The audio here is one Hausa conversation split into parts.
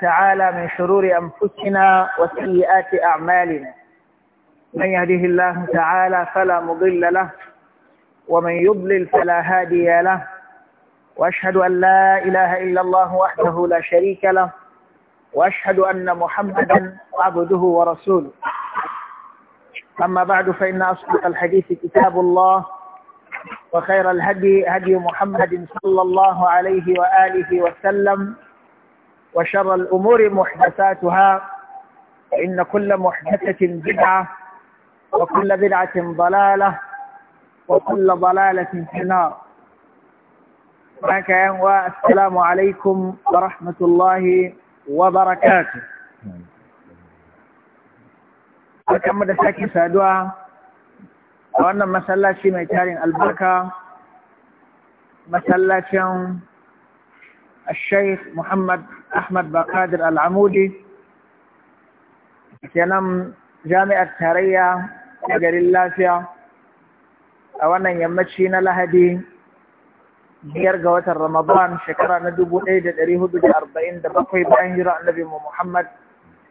تعالى من شرور أنفسنا وسيئات أعمالنا من يهده الله تعالى فلا مضل له ومن يضلل فلا هادي له وأشهد أن لا إله إلا الله وحده لا شريك له وأشهد أن محمدا عبده ورسوله أما بعد فإن أصدق الحديث كتاب الله وخير الهدي هدي محمد صلى الله عليه وآله وسلم وشر الأمور محدثاتها فإن كل محدثة بدعة وكل بدعة ضلالة وكل ضلالة في النار والسلام عليكم ورحمة الله وبركاته وكما da sake saduwa a wannan masallaci البركة tarin الشيخ محمد أحمد بقادر العمودي kenan jami'ar tarayya a garin lafiya a wannan yammaci na lahadi biyar ga watan ramadan shekara na dubu ɗaya da da da hudu arba'in bakwai bayan hira annabi muhammad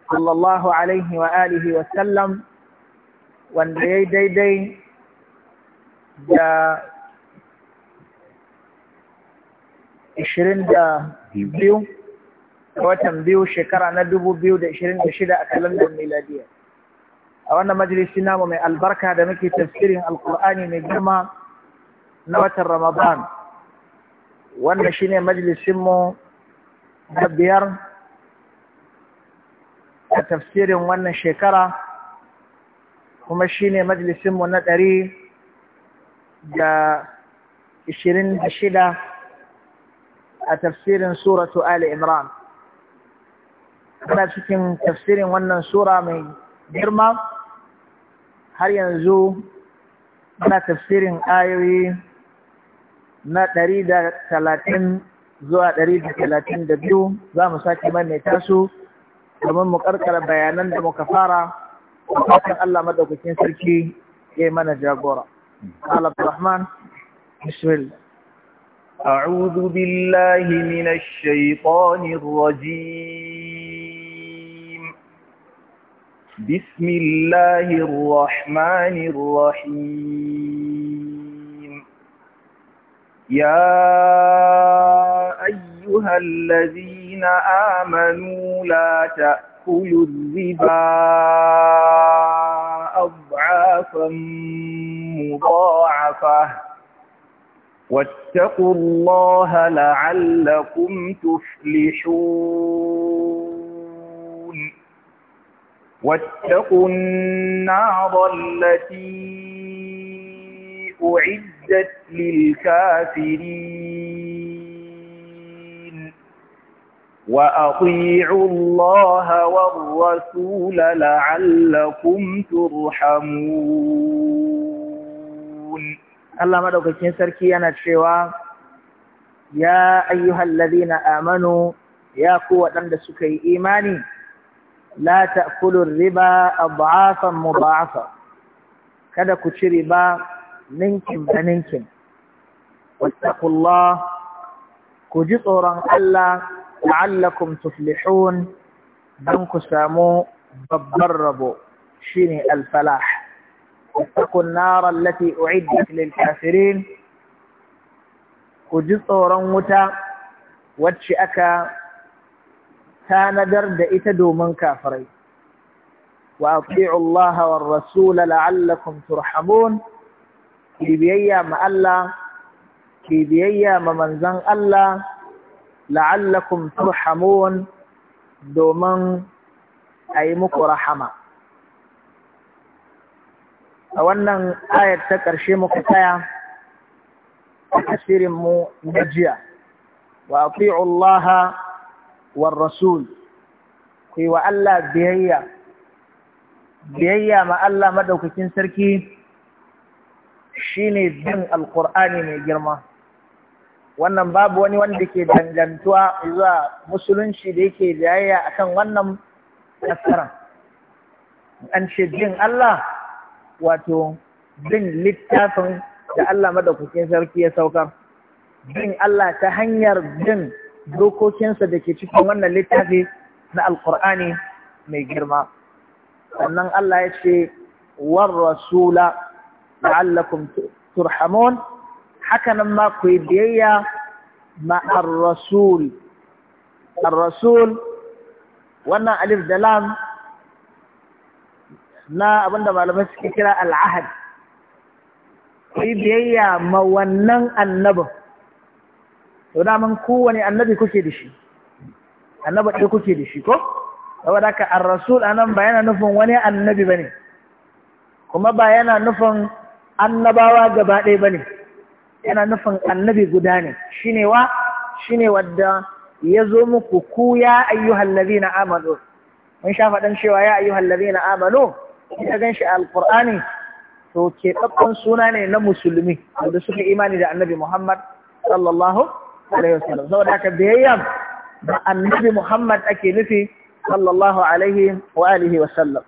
sallallahu alaihi wa wa sallam wanda ya yi daidai da ishirin da biyu da watan biyu shekara na dubu biyu da ishirin da shida a kalandar miladiya a wannan majalisi namu mai albarka da muke tafsirin Alƙul'ani mai girma na watan ramadan wannan shine majalisinmu na biyar a tafsirin wannan shekara kuma shine majalisinmu na ɗari da ishirin da shida a tafsirin suratu Ali Imran. Muna cikin tafsirin wannan sura mai girma har yanzu muna tafsirin ayoyi na ɗari da talatin zuwa ɗari da talatin da biyu za mu sake maimaita su domin mu karkara bayanan da muka fara a fatan Allah madaukakin sarki ya yi mana jagora. Allah Rahman, Bismillah. أعوذ بالله من الشيطان الرجيم بسم الله الرحمن الرحيم يا أيها الذين آمنوا لا تأكلوا الربا أضعافا مضاعفة واتقوا الله لعلكم تفلحون واتقوا النار التي أعدت للكافرين وأطيعوا الله والرسول لعلكم ترحمون Allah madaukakin sarki yana cewa ya ayyuhal ladina amanu ya ku waɗanda suka yi imani la ta'kulu riba adhafan mudha'afa kada ku ci riba ninkin da ninkin wattaqullah ku ji tsoron Allah la'allakum tuflihun dan ku samu babbar rabo shine al-falah واتقوا النار التي أعدت للكافرين وجزء رموتا واتشأك كان درد إتدو من كافري وأطيعوا الله والرسول لعلكم ترحمون كيبيا ما الله كيبيا ما منزن الله لعلكم ترحمون دومن أي مكو رحمه a wannan ayar ta ƙarshe muka tsaya a tasirinmu na jiya wa ati'u Allah wa rasul ku wa Allah biyayya biyayya ma Allah madaukakin sarki shine bin alqur'ani mai girma wannan babu wani wanda ke dangantuwa zuwa musulunci da yake biyayya akan wannan kasara an ce jin Allah wato bin littafin da Allah madaukakin sarki ya saukar bin Allah ta hanyar bin dokokinsa da ke cikin wannan littafi na alkur'ani mai girma sannan Allah ya ce war rasula la'allakum turhamun hakanan ma ku yi biyayya ma ar-rasul ar-rasul wannan alif da lam na abinda malamai suke kira al'ahad yi biyayya ma wannan annabin to daman kowane annabi kuke da shi annaba ɗaya kuke da shi ko saboda ka an rasul anan ba yana nufin wani annabi ba ne. kuma ba yana nufin annabawa gaba ɗaya ne. yana nufin annabi guda ne Shi ne wa Shi ne wadda ya zo muku ku ya ayyuhal ladina amanu mun sha faɗin cewa ya ayyuhal ladina amanu ya gan shi a alƙur'ani to ke keɓaɓɓen suna ne na musulmi wanda suka imani da annabi Muhammad sallallahu alaihi wasallam saboda haka biyayya da annabi Muhammad ake nufi sallallahu alaihi wa alihi wasallam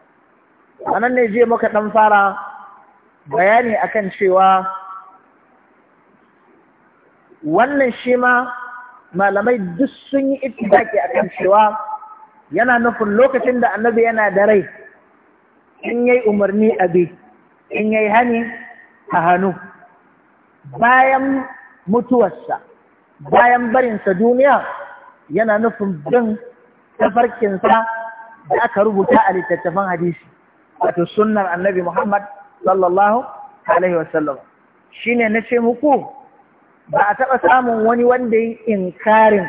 anan ne jiya muka ɗan fara bayani akan cewa wannan shi ma malamai duk sun yi ittifaki akan cewa yana nufin lokacin da annabi yana da rai in yai umarni a bi in yai hani a hannu bayan mutuwarsa bayan barinsa duniya yana nufin bin tafarkinsa da aka rubuta a littattafan hadisi wato sunnar annabi Muhammad sallallahu alaihi wasallam na ce muku ba a taɓa samun wani wanda yi inkarin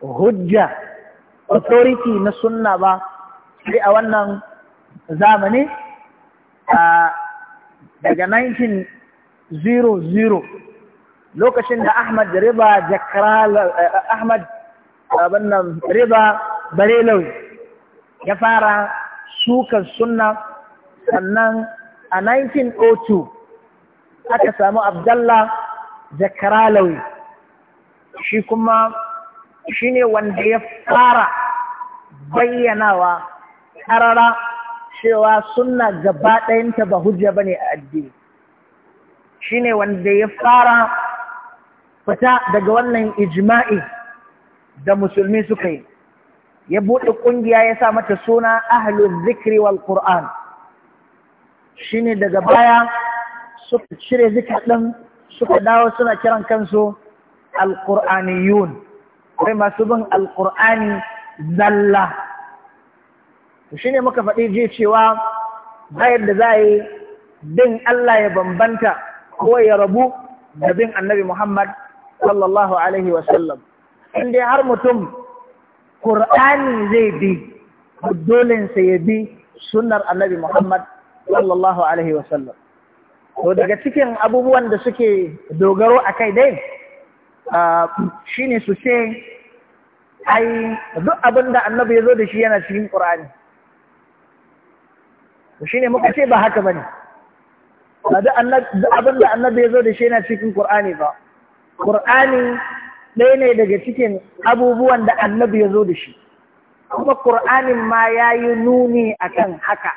hujja authority na sunna ba sai a wannan Zamani a daga 1900 lokacin da Ahmad Riba Jakral Ahmad abinnan Riba Barelawi ya fara sukar sunna sannan a 1902 aka samu Abdallah Jakaralawi shi kuma shi ne wanda ya fara bayyanawa ƙarara cewa suna gaba ɗayanta ba hujja bane a addini shine wanda ya fara fita daga wannan ijma'i da musulmi suka yi ya buɗe ƙungiya ya sa mata suna ahalin zikiri wal shi shine daga baya suka cire zikir ɗin suka dawo suna kiran kansu al-ƙur'aniyun kai masu bin al-ƙur'ani zalla to ne muka faɗi je cewa bayar da za a yi bin Allah ya bambanta ko ya rabu da bin annabi Muhammad sallallahu alaihi wasallam in dai har mutum Kur'ani zai bi dolensa ya bi sunnar annabi Muhammad sallallahu alaihi wasallam to daga cikin abubuwan da suke dogaro a kai dai shi ne su ce ai duk abin da annabi ya zo da shi yana cikin ƙur'ani. shi ne muka ce ba haka ba ne da annabi ya zo da shi yana cikin ƙur'ani ba ƙur'ani ɗaya ne daga cikin abubuwan da annabi ya zo da shi kuma ƙur'anin ma ya yi nuni akan haka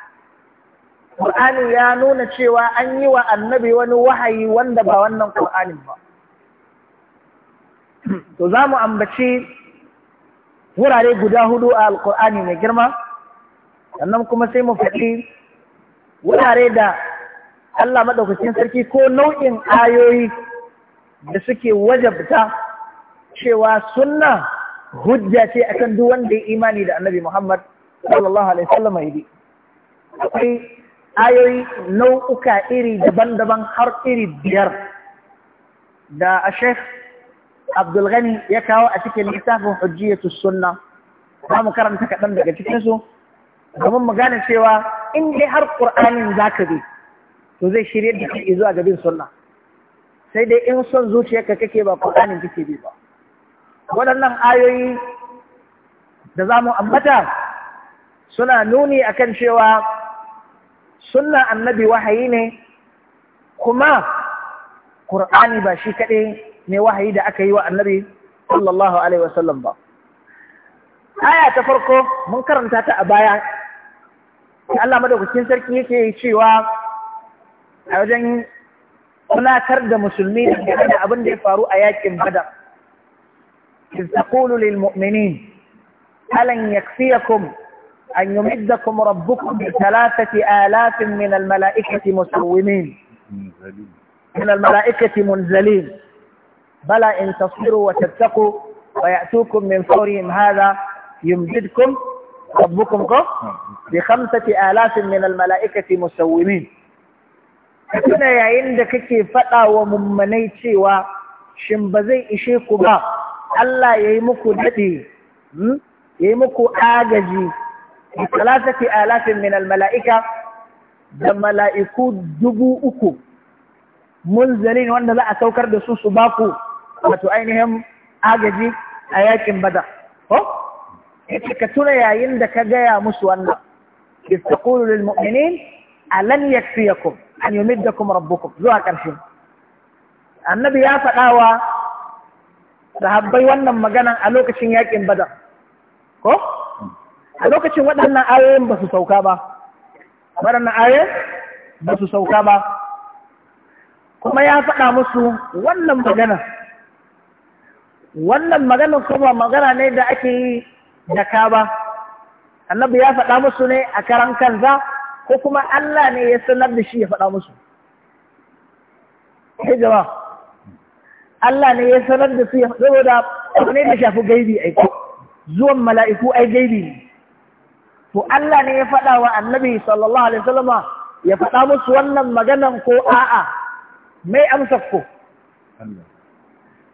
ƙur'anin ya nuna cewa an yi wa annabi wani wahayi wanda ba wannan ƙur'anin ba to za mu ambaci wurare guda hudu a alƙur'ani mai girma sannan kuma sai mu faɗi wurare da Allah maɗaukacin sarki ko nau'in ayoyi da suke wajabta cewa sunna hujja ce akan duk wanda ya imani da annabi Muhammad sallallahu alaihi wasallam yi akwai ayoyi nau'uka iri daban-daban har iri biyar da a Sheikh Abdul Ghani ya kawo a cikin littafin Hujjiyatus Sunna za mu karanta kaɗan daga cikinsu domin mu gane cewa in dai har ƙur'anin za ka bi to zai shirya da ke zuwa ga bin sunna sai dai in son zuciyarka kake ba ƙur'anin kake bi ba waɗannan ayoyi da za mu ambata suna nuni akan cewa sunna annabi wahayi ne kuma ƙur'ani ba shi kaɗai ne wahayi da aka yi wa annabi sallallahu alaihi aya ta farko mun karanta ta a baya Allah madaukakin sarki yake cewa a wajen tunatar da musulmi da abin da ya faru a yakin للمؤمنين ألن يكفيكم أن يمدكم ربكم بثلاثة آلاف من الملائكة مسومين من الملائكة منزلين بلى إن تصبروا وتتقوا ويأتوكم من فورهم هذا يمددكم rabbukum ko bi khamsati alafin min al mala'ikati musawwimin tuna yayin da kake faɗa wa mummanai cewa shin ba zai ishe ku ba Allah yayi muku dade yayi muku agaji bi thalathati alafin min al mala'ika da mala'iku dubu uku munzalin wanda za a saukar da su su baku wato ainihin agaji a yakin bada ko yace ka tuna yayin da ka gaya musu wannan istaqulu lil mu'minin alam yakfiyakum an yumiddakum rabbukum zuwa karshe annabi ya wa sahabbai wannan maganan a lokacin yaƙin badar ko a lokacin waɗannan ayoyin ba su sauka ba waɗannan ayoyin ba su sauka ba kuma ya faɗa musu wannan maganan wannan maganan kuma magana ne da ake yi jaka ba annabi ya faɗa musu ne a karan kanza ko kuma Allah ne ya sanar da shi ya faɗa musu sai jama Allah ne ya sanar da su ya saboda da ne da shafi gaibi ai zuwan mala'iku ai gaibi ne to Allah ne ya faɗa wa annabi sallallahu alaihi wasallama ya faɗa musu wannan maganan ko a'a mai amsa ko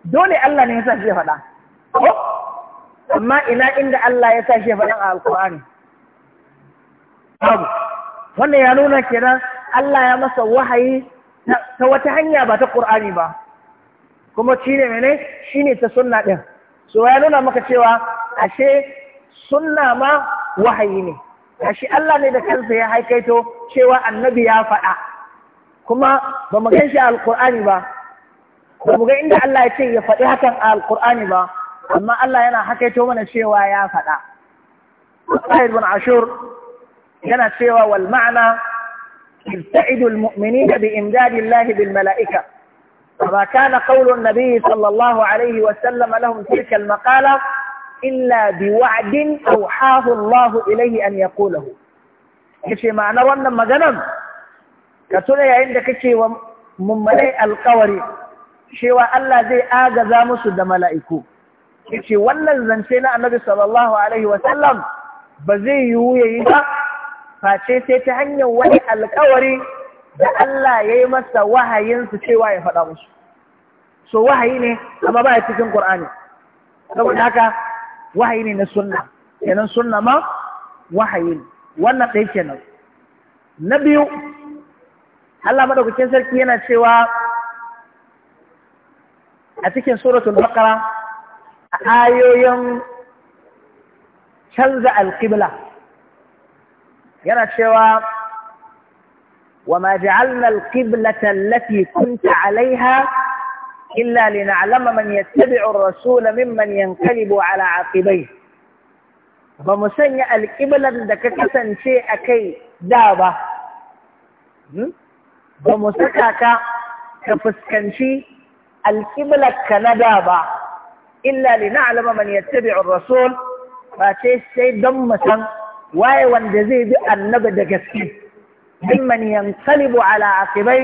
dole Allah ne ya sa shi ya faɗa amma ina inda Allah ya sashe faɗin a alƙur'ani babu wannan ya nuna kenan Allah ya masa wahayi ta wata hanya ba ta ƙur'ani ba kuma shi ne mene shi ne ta sunna ɗin so ya nuna maka cewa ashe sunna ma wahayi ne ashe Allah ne da kansa ya haikaito cewa annabi ya faɗa kuma ba mu gan shi a alƙur'ani ba ba mu ga inda Allah ya ce ya faɗi hakan a alƙur'ani ba أما Allah yana hakaito mana cewa ya faɗa Sahih bin Ashur yana cewa wal ma'ana ابتعدوا المؤمنين بإمداد الله بالملائكة فما كان قول النبي صلى الله عليه وسلم لهم تلك المقالة إلا بوعد أوحاه الله إليه أن يقوله كشي معنى وانا مجنم كتولي عندك كشي ومملئ القوري شوى الله زي آغذا مسد ملائكو yace wannan zance na annabi sallallahu alaihi wasallam ba zai yiwu yayi ba face sai ta hanyar wani alƙawari da Allah ya yi masa su cewa ya faɗa musu so wahayi ne amma ba ya cikin Qur'ani saboda haka wahayi ne na sunna kenan sunna ma wahayi ne wannan ɗaya kenan na biyu Allah madaukakin sarki yana cewa a cikin suratul baqara a ayoyin canza alƙibla yana cewa wa ma ja'alna alqiblata allati kunta 'alayha illa lin'alama man yattabi'u ar-rasula mimman yanqalibu 'ala 'aqibayhi ba mu sanya alƙiblar da ka kasance a kai da ba, ba mu saka ka ka fuskanci alƙiblar ka na da ba, illa li na'lama man yattabi'ur rasul ba ce sai don mu waye wanda zai bi annabi da gaske mimman yanqalibu ala aqibai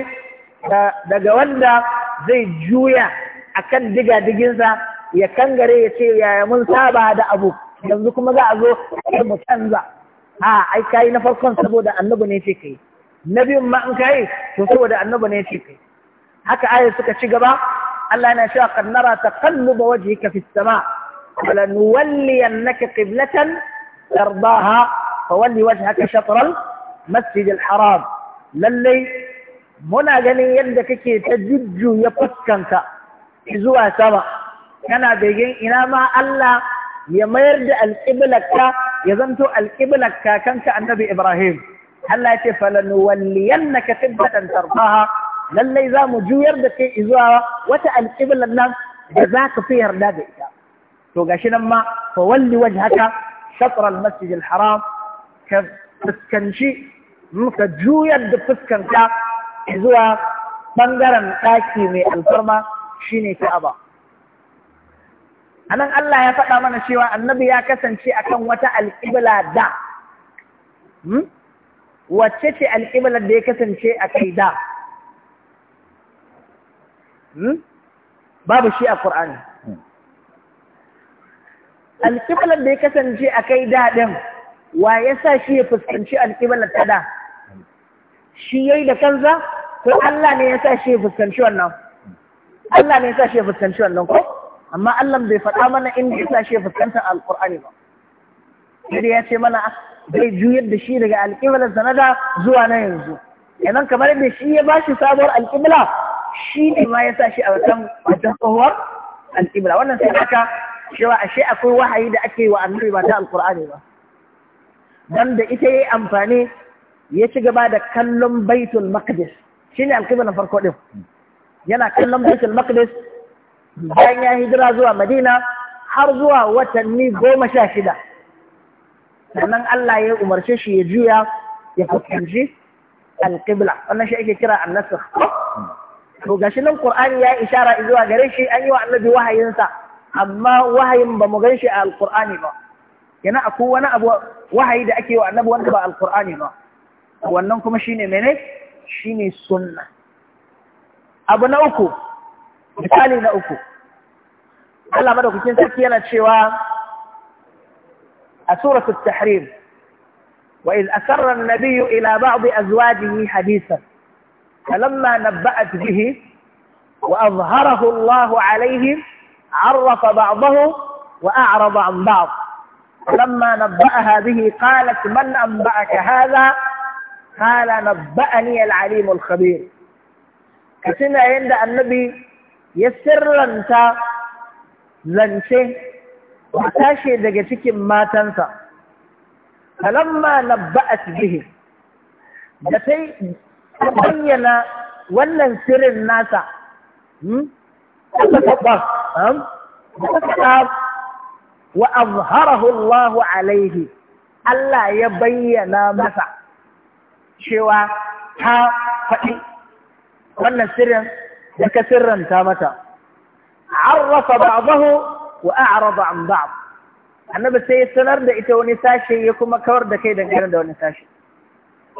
daga wanda zai juya akan diginsa ya kangare ya ce yaya mun saba da abu yanzu kuma za a zo mu canza a ai kai na farkon saboda annabi ne ce kai na biyun ma in kai to saboda annabi ne ce kai haka ayar suka ci gaba ألا نشاء أن نرى تقلب وجهك في السماء ولنولينك قبلة ترضاها فولي وجهك شطر المسجد الحرام للي منا جني يندك كي تجج أنت إزوا سما كنا بيجين إنما ألا يميرد القبلك يزمت القبلك كنك النبي إبراهيم هل لا تفلن ولينك قبلة ترضاها lallai za mu juyar da kai zuwa wata alƙiblar nan da za ka fi yarda da ita to gashi nan ma fa walli waje haka al-masjid haram ka fuskanci muka juyar da fuskanka zuwa bangaren ɗaki mai alfarma shine A anan Allah ya faɗa mana cewa annabi ya kasance akan wata alƙibla da hmm? wacce ce alƙiblar da ya kasance a kai da Hmm? babu shi a Qur'ani hmm. alƙiblar da ya kasance a kai daɗin wa ya sa shi ya fuskanci alƙiblar ta da shi ya yi da kansa ko Allah ne ya sa shi ya fuskanci wannan Allah ne ya sa shi ya fuskanci wannan ko amma Allah bai faɗa mana inda ya sa shi ya fuskanta alƙur'ani ba sai ya ce mana ah, zai juyar da shi daga alƙiblar sanada zuwa na yanzu kenan kamar da shi ya bashi sabuwar alƙibla shi ne ma ya sa shi a wasan wajen tsohuwar al'ibra wannan sai aka cewa ashe akwai wahayi da ake wa annabi ba ta alkur'ani ba dan da ita yayi amfani ya ci gaba da kallon baitul maqdis shine na farko ɗin. yana kallon baitul maqdis bayan ya hijira zuwa madina har zuwa watanni goma sha shida sannan Allah ya umarce shi ya juya ya fuskanci alƙibla wannan shi ake kira annasakh to gashi nan Qur'ani ya ishara zuwa gare shi an yi wa annabi wahayin sa, amma wahayin ba mu gan shi a alqur'ani ba yana akwai wani abu wahayi da ake wa annabi wanda ba alqur'ani ba wannan kuma shine mene shine sunna abu na uku misali na uku Allah madaukakin sarki yana cewa a suratul tahrim wa iz asarra an-nabiyyu ila ba'd azwajihi hadithan فلما نبأت به وأظهره الله عليه عرف بعضه وأعرض عن بعض فلما نبأها به قالت من أنبأك هذا قال نبأني العليم الخبير كسنا عند النبي يسر أنت لنشه وتاشي دقتك ما تنسى فلما نبأت به da ta bayyana wannan sirrin nasa hmm? ta hmm? wa azharahu Allahu alaihi Allah ya bayyana masa cewa ta faɗi wannan sirrin da ka sirranta mata arrafa ba'dahu wa a'rada an ba'd annabi sai ya sanar da ita wani sashe ya kuma kawar da kai dangane da wani sashe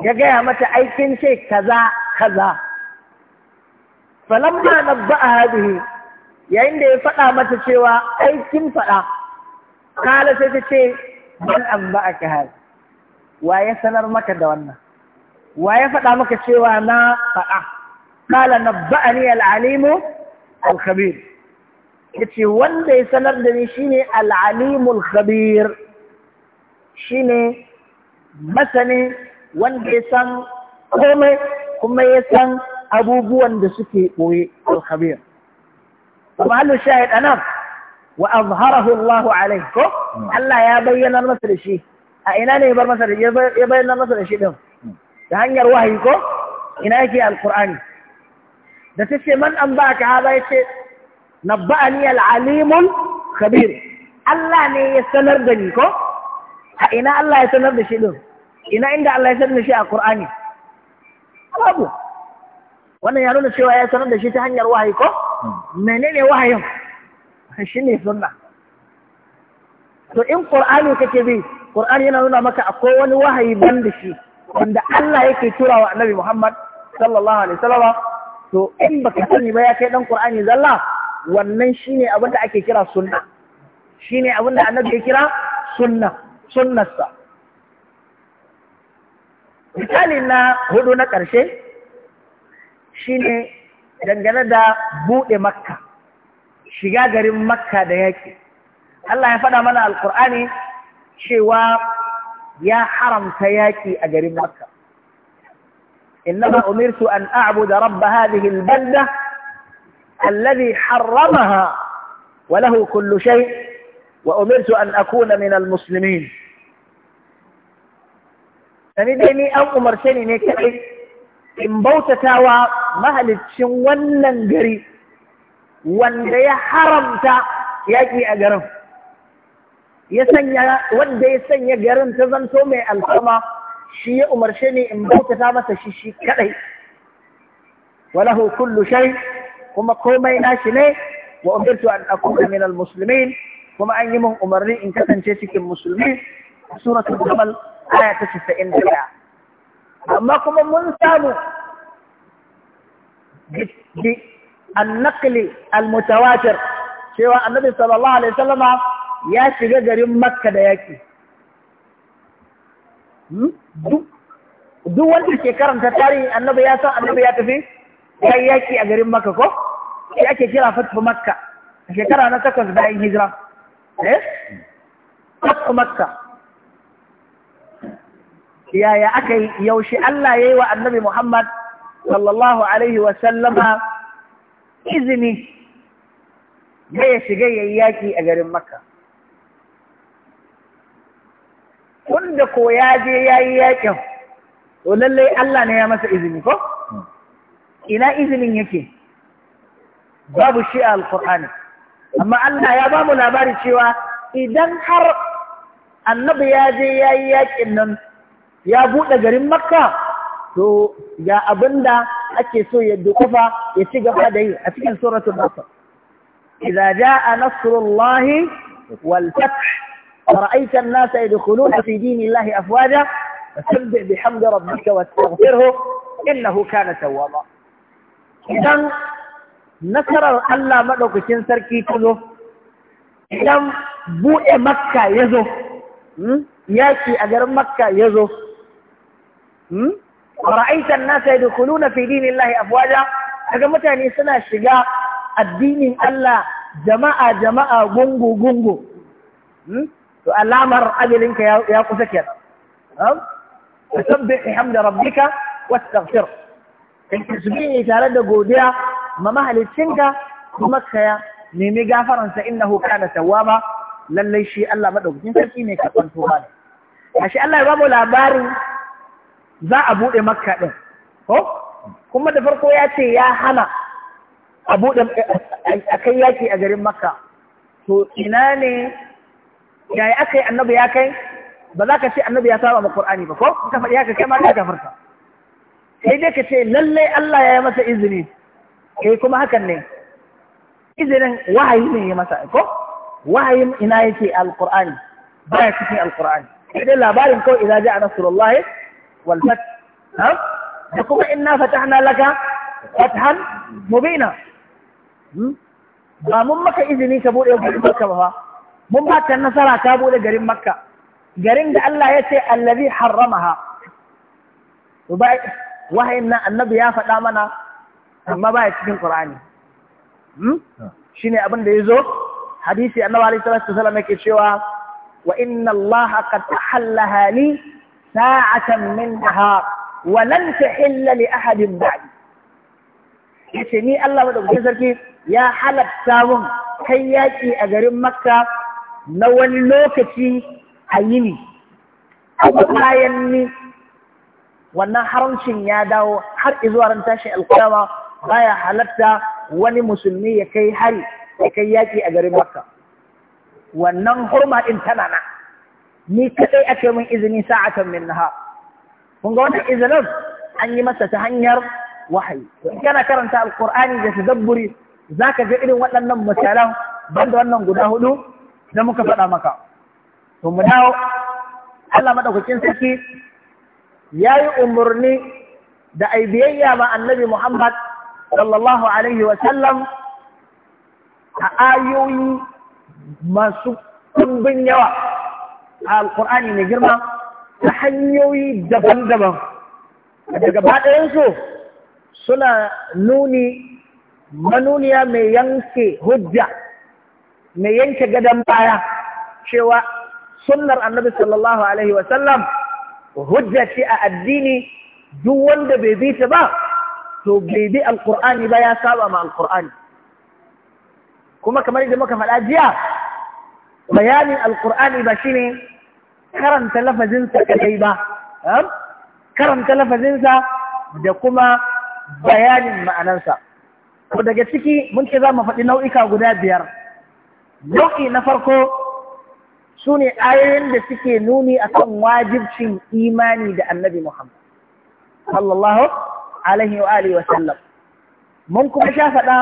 ya gaya mata aikin ce kaza kaza falamma nabba'a hadhihi yayin da ya faɗa mata cewa aikin faɗa kala sai ta ce man anba'aka hal wa ya sanar maka da wannan wa ya faɗa maka cewa na faɗa kala nabba'ani al-alimu al-khabir ce wanda ya sanar da ni shine al-alimu al-khabir shine masanin wanda ya san komai kuma ya san abubuwan da suke ɓoye alkhabir mahallu shahid anan wa azharahu Allah alayhi ko hmm. Allah ya bayyana masa da shi a ina ne ya bar masa da ya bayyana masa da shi din hmm. da hanyar wahayi ko ina yake alqur'ani da tace man an baka hada yace nabba'ani al-alimul khabir Allah ne ya sanar da ni ko a ina Allah ya sanar da shi din ina inda Allah ya sanar da shi a Qur'ani babu wannan ya nuna cewa ya sanar da shi ta hanyar wahayi ko menene wahayin shi ne sunna to in Qur'ani kake bi Qur'ani yana nuna maka akwai wani wahayi ban da shi wanda Allah yake tura wa Annabi Muhammad sallallahu alaihi wasallam to in baka sani ba ya kai dan Qur'ani zalla wannan shine abin da ake kira sunna shine abin da Annabi ya kira sunna sunnarsa misali na hudu na ƙarshe shine dangane da bude makka shiga garin makka da yake Allah ya fada mana alqur'ani cewa ya haramta yake a garin makka umirtu an a'budu rabb hadhihi albalda alladhi harramaha wa lahu kullu shay' wa umirtu an akuna min almuslimin sani dai ni an umarce ni ne kaɗai in bautatawa mahaliccin wannan gari wanda ya haramta yaƙi a garin ya sanya wanda ya sanya garin ta zanto mai alfama shi ya umarce ni in bautata masa shi shi kaɗai walahu kullu shai kuma komai nashi ne wa umirtu an akuna min kuma an yi min umarni in kasance cikin musulmi suratul jamal aya ta casa'in da ɗaya amma kuma mun samu bi al-mutawatir. cewa annabi sallallahu alaihi wasallama ya shiga garin makka da yaƙi. Hmm? duk wanda ke karanta tarihi annabi ya san annabi ya tafi ya yi a garin makka ko Ya ake kira fatu makka a shekara na takwas bayan hijira eh fatu makka yaya aka yi yaushe Allah ya yi wa annabi Muhammad sallallahu Alaihi wasallama izini da ya shiga ya yi yaƙi a garin Makka. Wanda ko ya je ya yi yaƙin, to lallai Allah ne ya masa izini ko? Ina izinin yake, babu shi a Alƙur'ani. Amma Allah ya ba mu labari cewa idan har annabi ya je ya yi yaƙin nan ya buɗe garin makka to ga abinda ake so ya dukufa ya ci gaba da yi a cikin suratul nasr idza jaa nasrullahi wal fath ra'aita an-nasa yadkhuluna fi dinillahi afwaja fasabbih bihamdi rabbika wastaghfirhu innahu kana tawwaba idan nasarar Allah madaukakin sarki ta idan buɗe makka ya hmm, yaki a garin makka yazo Hmm? ra'aitan nasa yadkhuluna fi dinillahi afwaja kaga mutane suna shiga addinin Allah jama'a jama'a gungu gungu hmm? to alamar ajalinka ya kusa kenan fasabbih bihamdi rabbika wastaghfir kai tasbihi tare da godiya ma mahalicinka kuma kaya. nemi gafaransa innahu kana tawwaba lallai shi Allah madaukakin sarki ne ka kwanto ba ne. Ashe Allah ya babu labarin za a buɗe makka ɗin ko kuma da farko ya ce ya hana a buɗe a kai ke a garin makka to ina ne yaya aka yi annabi ya kai ba za ka ce annabi ya saba ma qur'ani ba ko ka faɗi haka kai ma ka gafarta sai dai ka ce lallai Allah ya yi masa izini kai eh, kuma hakan ne izinin wahayi ne ya masa ko wahayin ina yake alqur'ani baya cikin alqur'ani sai dai labarin kawai idan ja'a nasrullahi والفتح نعم يقول إنا فتحنا لك فتحا مبينا ba mun maka izini ka buɗe garin makka ba mun ba ka nasara ka buɗe garin makka garin da Allah ya ce allazi harramaha to ba wahayin nan annabi ya faɗa mana amma ba cikin qur'ani shine abin da yazo hadisi annabi alaihi salatu wasallam yake cewa wa inna Allah qad tahallaha li ساعة من نهار ولن تحل لأحد بعدي yace ni Allah madaukakin sarki ya halatta mun kai yaƙi a garin Makka na wani lokaci a yini bayan ni wannan haramcin ya dawo har izuwa ran tashin alkiyama baya halatta wani musulmi ya kai hari ya kai yaƙi a garin Makka wannan hurma din tana na. ni kadai aka min izini sa'atan min nahar kun ga wannan izinin an yi masa ta hanyar wahayi to in kana karanta alqur'ani da tadabburi zaka ga irin waɗannan misalan banda wannan guda hudu da muka faɗa maka to mu dawo Allah madaukakin sarki yayi umurni da ai biyayya ma annabi Muhammad sallallahu alaihi wa sallam a ayoyi masu ɗumbin yawa alkur'ani mai girma ta hanyoyi daban-daban daga baɗayensu suna nuni manuniya mai yanke hujja mai yanke gadon baya cewa sunnar annabi sallallahu alaihi wasallam hujja ce a addini duk wanda bai bi ta ba to bai bi alkur'ani ba ya saba ma alkur'ani kuma kamar yadda muka faɗa jiya bayanin alkur'ani ba shine karanta lafazinsa kadai ba karanta lafazinsa da kuma bayanin ma'anansa ko daga ciki mun ke za mu faɗi nau'ika guda biyar nau'i na farko su ne ayoyin da suke nuni akan wajibcin imani da annabi muhammad sallallahu alaihi wa alihi wa sallam mun kuma sha faɗa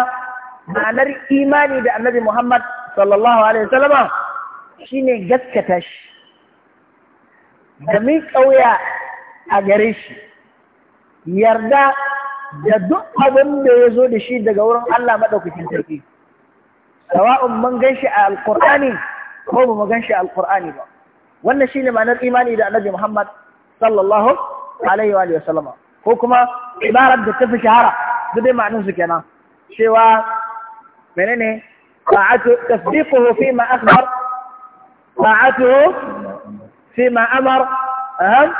ma'anar imani da annabi muhammad sallallahu alaihi wa sallama shine gaskata shi da miƙauya a gare shi yarda da duk abin da ya zo da shi daga wurin Allah maɗaukacin sarki sawa'un mun gan shi a alƙur'ani ko ba mu gan shi a alƙur'ani ba wannan shine ma'anar imani da annabi Muhammad sallallahu alaihi wa sallama ko kuma ibarar da ta fi shahara da dai ma'anin su kenan cewa menene ta'atu tasdiquhu fi ma akhbar فيما أمر أهم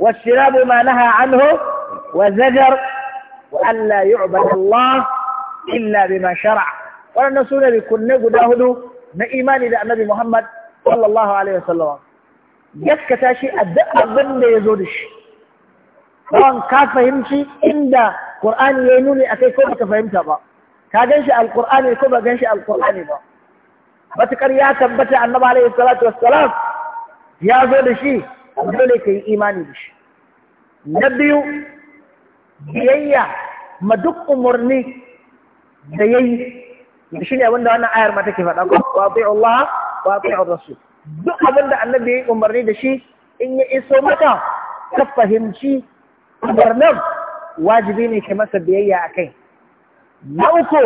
والشراب ما نهى عنه وزجر وأن لا يعبد الله إلا بما شرع ولن نسونا بكل نقو داهد ما إيمان إلى نبي محمد صلى الله عليه وسلم جدك تاشي أدأ من يزودش فان كان فهمشي إلا قرآن ينوني أكي كوبك فهمت أبا كان جنشي القرآن الكوبة جنشي القرآن أبا matuƙar ya tabbata annaba alaihi salatu wassalam ya zo da shi dole ka yi imani da shi na biyu biyayya ma duk umarni da yayi shi ne abinda wannan ayar ma take faɗa ko wa ati'u Allah wa ati'u Rasul duk abinda annabi ya yi umarni da shi in ya iso maka ka fahimci umarnin wajibi ne ka masa biyayya a kai na uku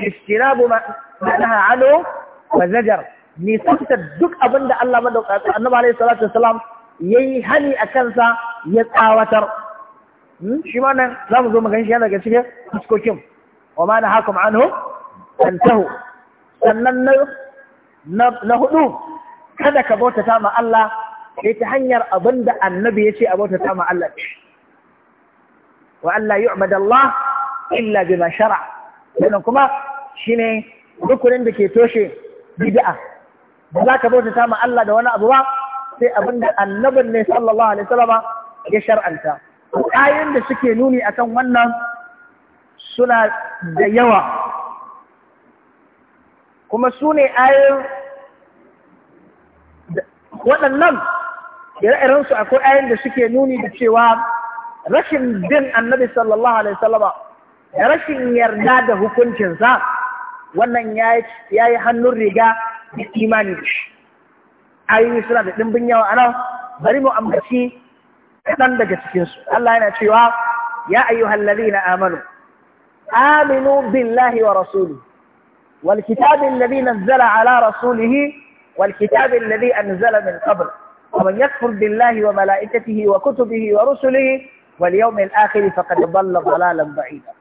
istirabu ma naha anhu wa zajar nisanta duk abinda Allah madaukaki annabi alaihi salatu wasalam yayi hani a kansa ya tsawatar hmm? shi ma nan za mu zo mu ganshi yana daga cikin fuskokin wa ma nahakum anhu tantahu sannan na na hudu kada ka bautata ma Allah sai ta hanyar abinda annabi ya ce a bautata ma Allah wa Allah yu'bad Allah illa bima shara wannan kuma shine rukunin da ke toshe bid'a ba za ka bauta ma Allah da wani abu ba sai abin da annabin ne sallallahu alaihi wasallam ya shar'anta ayoyin da suke nuni akan wannan suna da yawa kuma su ne ayoyin waɗannan ire-iren su akwai ayoyin da suke nuni da cewa rashin din annabi sallallahu alaihi wasallam rashin yarda da hukuncinsa wannan yayi hannun riga da imani da shi ayoyi suna da dimbin yawa ana bari mu ambaci kaɗan daga cikinsu Allah yana cewa ya ayyuhal ladina amanu aminu billahi wa rasuli wal kitabi alladhi nazzala ala rasulihi wal kitabi alladhi anzala min qabl ومن يكفر بالله وملائكته وكتبه ورسله واليوم الآخر فقد ضل ضلالا بعيدا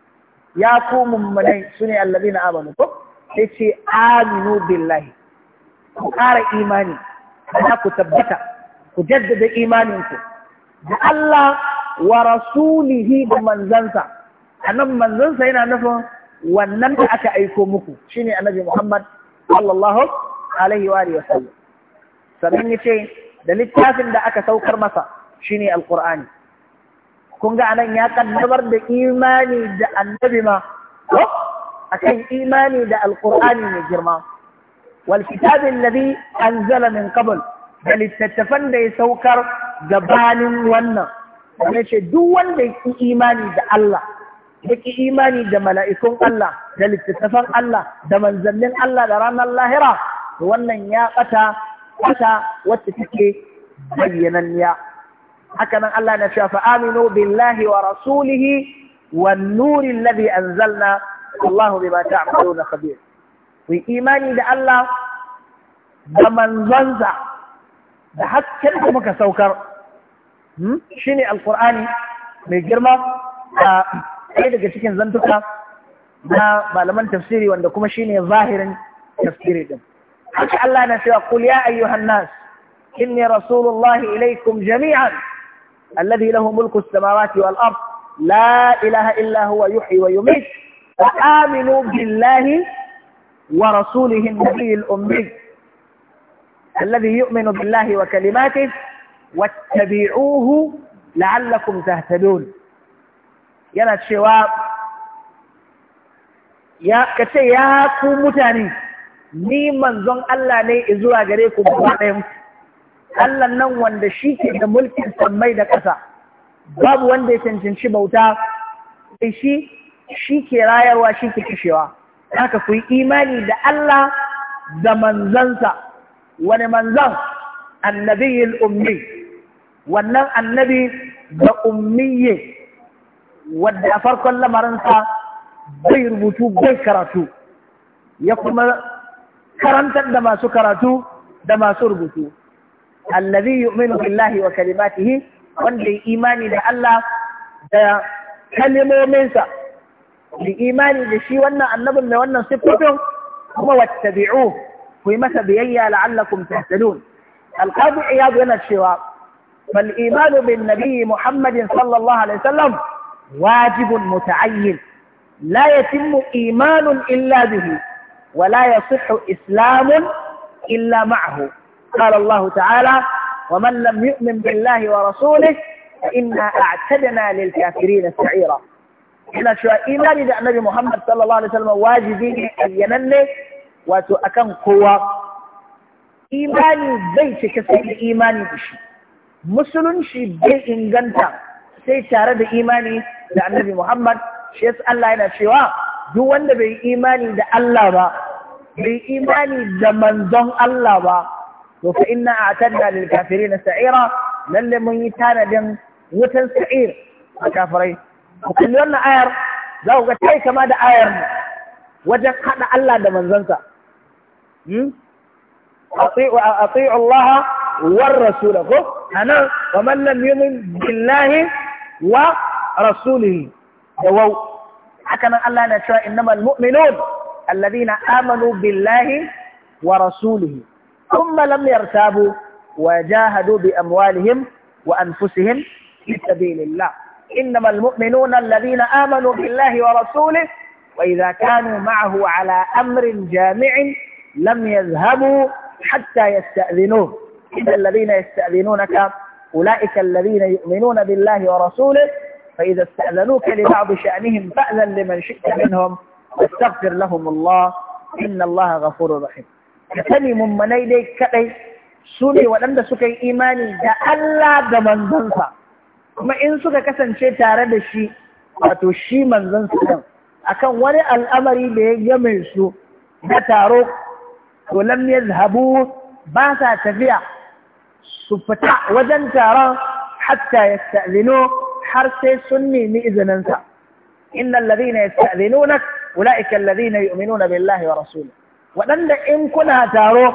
ya ku mummunai su ne allazi na amanu ko sai ce aminu billahi ku ƙara imani ana ku tabbata ku jaddada imaninku da Allah wa rasulihi da manzansa anan manzansa yana nufin wannan da aka aiko muku shine annabi Muhammad sallallahu alaihi wa sallam. wasallam sannan yace da littafin da aka saukar masa shine alƙur'ani kun ga anan ya kaddamar da imani da annabi ma akan imani da alqur'ani mai girma wal kitabi alladhi anzala min qabl da littattafan da ya saukar gabanin wannan wanda ce duk wanda ya imani da Allah ya ki imani da mala'ikun Allah da littattafan Allah da manzannin Allah da ranar lahira wannan ya ɓata wata wacce take bayyananniya haka nan Allah na cewa aminu billahi wa rasulihi wan nuri alladhi anzalna wallahu bima ta'maluna khabir ku imani da Allah da manzansa da hakkin da muka saukar hmm? shine alqur'ani mai girma a ɗaya daga cikin zantuka na malaman tafsiri wanda kuma shine zahirin tafsiri din haka Allah na cewa qul ya ayyuhan nas inni rasulullahi ilaikum jami'an الذي له ملك السماوات والأرض لا إله إلا هو يحيي ويميت فآمنوا بالله ورسوله النبي الأمي الذي يؤمن بالله وكلماته واتبعوه لعلكم تهتدون يا cewa يا كتي يا كومتاني ني من زون الله ني ازوا غريكم Allah nan wanda shi ke da mulkin sammai da ƙasa, babu wanda ya cancanci bauta, sai shi shi ke rayarwa shi ke kishewa. Haka ku yi imani da Allah da manzansa, wani manzan annabiyin ummi, wannan annabi da ummiye, wadda a farkon lamarinsa bai rubutu bai karatu, ya kuma karantar da masu karatu da masu rubutu. allazi yu'minu billahi wa kalimatihi wanda ya imani da Allah da kalimominsa da imani da shi wannan annabin mai wannan siffofin kuma wattabi'u ku yi masa biyayya la'allakum tahtadun alqadi iyad yana cewa bal imanu bin nabiyyi muhammadin sallallahu alaihi wasallam wajibun muta'ayyin la yatimmu imanun illa bihi ya يصح islamun illa معه قال الله تعالى ومن لم يؤمن بالله ورسوله فإنا أعتدنا للكافرين سعيرا ina cewa imani da annabi Muhammad sallallahu alaihi wasallam wajibi ne ayyananne wato akan kowa imani zai cika sai imani da shi musulunci bai inganta sai tare da imani da annabi Muhammad shi Allah yana cewa duk wanda bai imani da Allah ba bai imani da manzon Allah ba فإنا أعتدنا للكافرين سعيرا للمن يتاند وتن سعير الكافرين وكل يوم آير لو قتلي كما دا آير وجد قد الله دا زنسا أطيعوا أطيع الله والرسول أنا ومن لم يؤمن بالله ورسوله وو حكم الله نشاء إنما المؤمنون الذين آمنوا بالله ورسوله ثم لم يرتابوا وجاهدوا بأموالهم وأنفسهم في سبيل الله إنما المؤمنون الذين آمنوا بالله ورسوله وإذا كانوا معه على أمر جامع لم يذهبوا حتى يستأذنوه إذا الذين يستأذنونك أولئك الذين يؤمنون بالله ورسوله فإذا استأذنوك لبعض شأنهم فأذن لمن شئت منهم واستغفر لهم الله إن الله غفور رحيم da sani mummanai dai kadai su ne waɗanda suka yi imani da Allah da manzansa kuma in suka kasance tare da shi wato shi manzansa kan akan wani al'amari da ya game su na taro to lam yazhabu ba sa tafiya su fita wajen taron hatta yasta'zinu har sai sun nemi izininsa innal ladhina yasta'zinuna ulaika alladhina yu'minuna billahi wa rasulihi waɗanda in kuna taro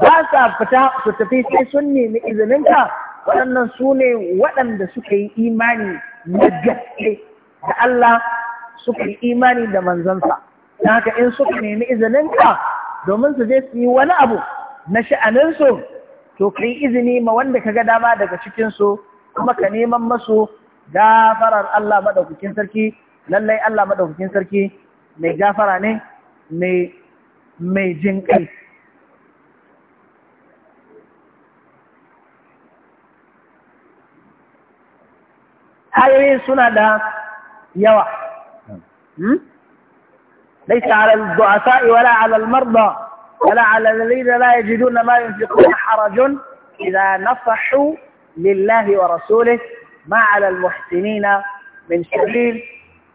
ba sa fita su tafi sai sun nemi izininka waɗannan su ne waɗanda suka yi imani na gaske da Allah suka yi imani da manzansa ta haka in suka nemi izininka domin su je su yi wani abu na sha'aninsu to ka yi izini ma wanda ka ga dama daga cikinsu kuma ka neman masu gafarar Allah maɗaukakin sarki lallai Allah maɗaukakin sarki mai gafara ne mai mai jin kai ayoyin suna da yawa ليس على الضعفاء ولا على المرضى ولا على الذين لا يجدون ما ينفقون حرج إذا نصحوا لله ورسوله ما على المحسنين من سبيل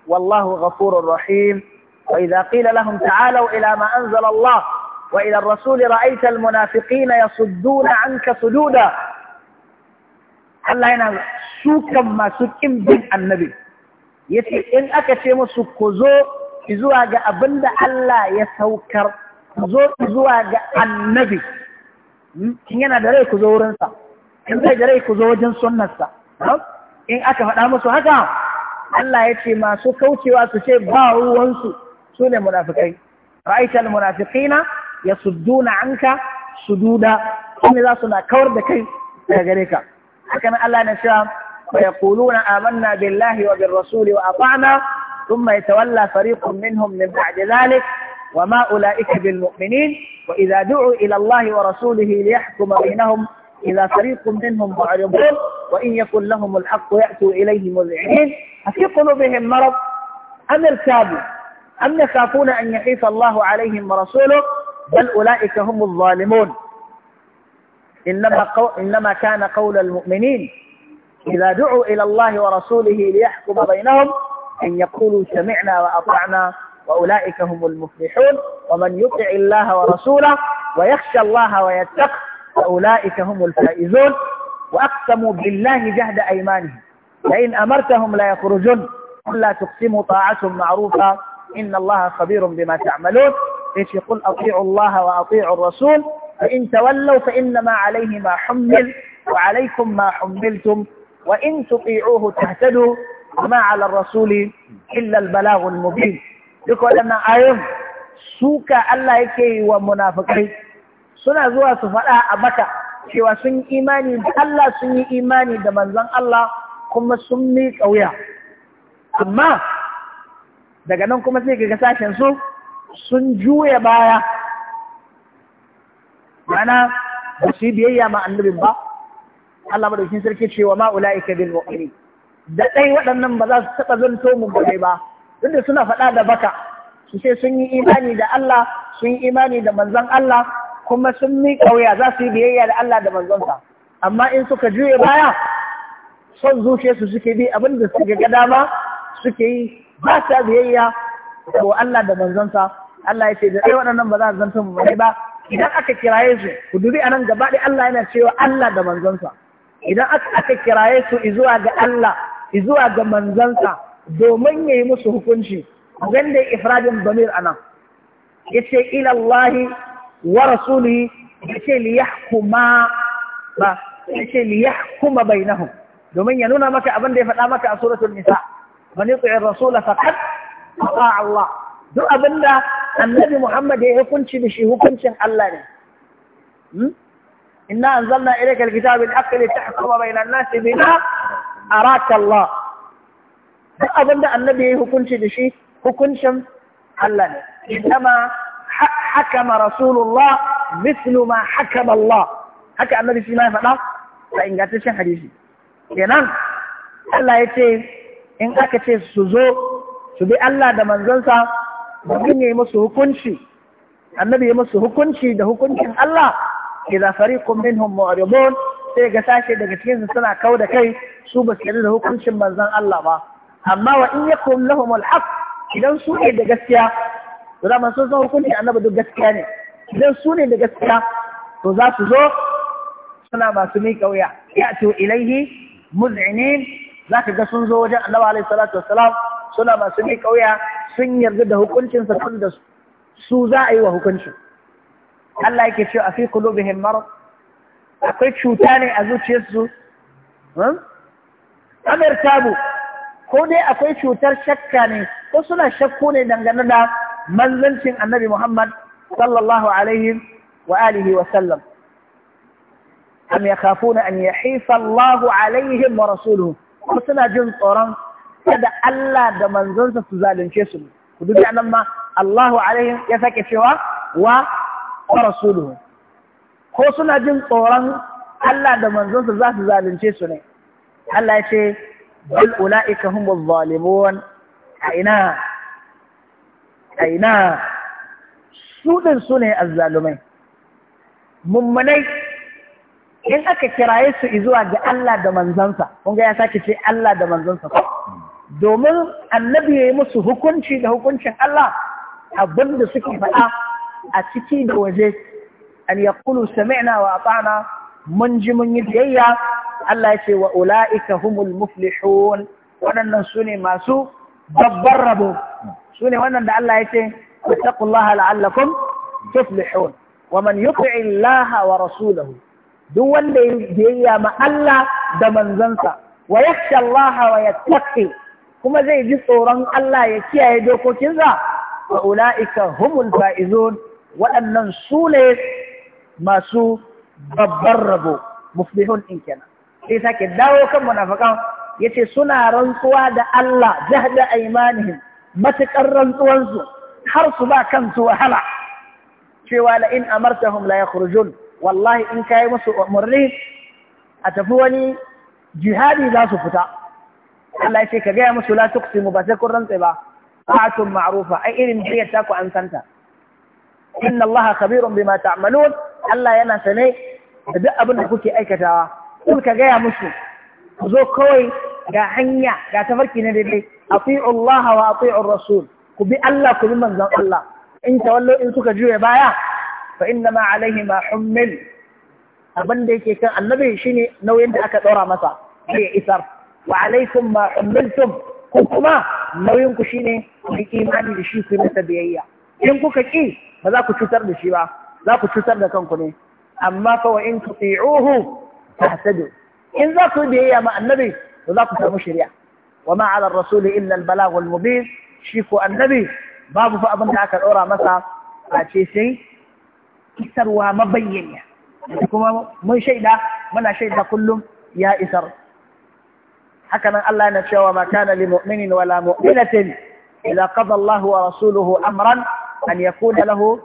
والله غفور رحيم وإذا قيل لهم تعالوا إلى ما أنزل الله وإلى الرسول رأيت المنافقين يصدون عنك صدودا Allah yana sukan masu ƙin bin annabi yace in aka ce musu ku zo zuwa ga abin Allah ya saukar ku zo zuwa ga annabi in yana da rai ku zo wurinsa in zai da rai ku zo wajen sunnarsa in aka faɗa musu haka Allah ya ce masu kaucewa su ce ba ruwansu رسول المنافقين رأيت المنافقين يصدون عنك سدودا هم لا صنع كور بكي أجريك حكنا الله نشام ويقولون آمنا بالله وبالرسول وأطعنا ثم يتولى فريق منهم من بعد ذلك وما أولئك بالمؤمنين وإذا دعوا إلى الله ورسوله ليحكم بينهم إذا فريق منهم معرضون وإن يكن لهم الحق يأتوا إليه مذعين أفي قلوبهم مرض أم ارتابوا أم يخافون أن يحيف الله عليهم ورسوله بل أولئك هم الظالمون إنما, قو إنما كان قول المؤمنين إذا دعوا إلى الله ورسوله ليحكم بينهم أن يقولوا سمعنا وأطعنا وأولئك هم المفلحون ومن يطع الله ورسوله ويخشى الله ويتقه فأولئك هم الفائزون وأقسموا بالله جهد أيمانهم لئن أمرتهم يخرجون قل لا تقسموا طاعة معروفة إن الله خبير بما تعملون إيش يقول أطيعوا الله وأطيعوا الرسول فإن تولوا فإنما عليه ما حمل وعليكم ما حملتم وإن تطيعوه تهتدوا وما على الرسول إلا البلاغ المبين duk waɗannan ayon suka Allah yake yi wa munafikai suna zuwa su faɗa a maka cewa sun yi imani da Allah sun yi imani da manzon Allah kuma sun mi ƙauya amma daga nan kuma sai ga sashen su sun juya baya mana ba su yi biyayya ma annabin ba Allah madaukin sarki ce wa ma'ula'ika bil mu'mini da dai waɗannan ba za su taɓa zanto mu gobe ba duk da suna faɗa da baka su ce sun yi imani da Allah sun yi imani da manzon Allah kuma sun mi kauya za su yi biyayya da Allah da manzonsa amma in suka juya baya son zuciyarsu suke bi abin da suke ga dama suke yi ba ta biyayya ko Allah da manzansa Allah ya ce da ai waɗannan ba za a zanta mu bane ba idan aka kiraye su ku dubi anan gaba da Allah yana cewa Allah da manzansa idan aka kiraye su izuwa ga Allah izuwa ga manzansa domin ya yi musu hukunci zan da ifradin damir anan yace ila Allah wa rasulihi yace li yahkuma ba yace li yahkuma bainahum domin ya nuna maka abin da ya faɗa maka a suratul nisa' man yuti ar-rasul faqad ata Allah duk abinda annabi Muhammad ya hukunci da shi hukuncin Allah ne hmm? inna anzalna ilayka al-kitaba bil-haqqi litahkuma bayna an-nasi bima araka Allah duk abinda annabi ya hukunci da shi hukuncin Allah ne kama hakama rasulullah mithlu ma hakama Allah haka annabi shi ma ya faɗa da ingantaccen hadisi kenan Allah ya ce in aka ce su zo su bi Allah da manzansa mutum ya yi musu hukunci annabi ya musu hukunci da hukuncin Allah idza fariqun minhum mu'ridun sai ga sashe daga cikin su suna kau da kai su ba su da hukuncin manzon Allah ba amma wa in yakum lahum al-haq idan su ne da gaskiya to da man sun hukunci hukuncin annabi duk gaskiya ne idan su ne da gaskiya to za su zo suna masu miƙa wuya to ilaihi muz'inin zaka ga sun zo wajen annabi alayhi salatu wassalam suna ba su ne kauya sun yarda da hukuncin sa tun da su za a yi wa hukunci Allah yake cewa fi qulubihim marad akwai cuta ne a zuciyar zuciyarsu amir tabu ko dai akwai cutar shakka ne ko suna shakku ne dangane da manzancin annabi Muhammad sallallahu alaihi wa alihi wa sallam أم يخافون أن يحيف الله عليهم wa ko suna jin tsoron kada Allah da manzonsa su zalunce su ku dubi anan ma Allahu alaihi ya sake cewa wa rasuluhu ko suna jin tsoron Allah da manzonsa za su zalunce su ne Allah ya ce bal ulaika humuz zalimun aina aina a ina su din su ne azzalumai mummunai in aka kiraye su zuwa ga Allah da manzansa kun ga ya sake ce Allah da manzansa domin annabi ya yi musu hukunci da hukuncin Allah abin da suke faɗa a ciki da waje an yaqulu sami'na wa ata'na mun ji mun yi biyayya Allah ya ce wa ula'ika humul muflihun waɗannan su ne masu babbar rabo su ne wannan da Allah ya ce ku taqullaha la'allakum tuflihun wa man yuti'i Allah wa rasulahu duk wanda ya biyayya ma Allah da manzansa wa yakhsha Allah wa yattaqi kuma zai ji tsoron Allah ya kiyaye dokokinsa wa ulaika humul faizun waɗannan su ne masu babbar rabo muflihun in kenan sai sake dawo kan munafiqan yace suna rantsuwa da Allah jahda aymanihim matakar rantsuwansu har su ba kansu wahala cewa la in amartahum la yakhrujun wallahi in ka yi musu umarni a tafi wani jihadi za su fita Allah ce ka gaya musu la mu ba sai kun rantse ba ta'atun ma'rufa ai irin biyar ta ku an santa inna Allah khabirun bima ta'malun Allah yana sane da duk abin da kuke aikatawa In ka gaya musu ku zo kawai ga hanya ga tafarki na daidai ati'u Allah wa ati'u rasul ku bi Allah ku bi manzon Allah in tawallo in suka juye baya fa innama alaihi ma hummil abin da yake kan annabi shine nauyin da aka ɗora masa sai ya isar wa alaikum ma hummiltum ko kuma nauyin ku shine ku imani da shi ku masa biyayya in kuka ki ba za ku cutar da shi ba za ku cutar da kanku ne amma fa wa in tuti'uhu tahtadu in za ku biyayya ma annabi to za ku samu shirya. wa ma ala rasul illa al balagh mubin shi ko annabi babu fa abin aka ɗora masa a ce sai isarwa mabayyaniya kuma mun shaida muna shaida kullum ya isar haka nan Allah yana cewa ma kana li mu'minin wala mu'minatin idza qada Allahu wa rasuluhu amran an yakuna lahu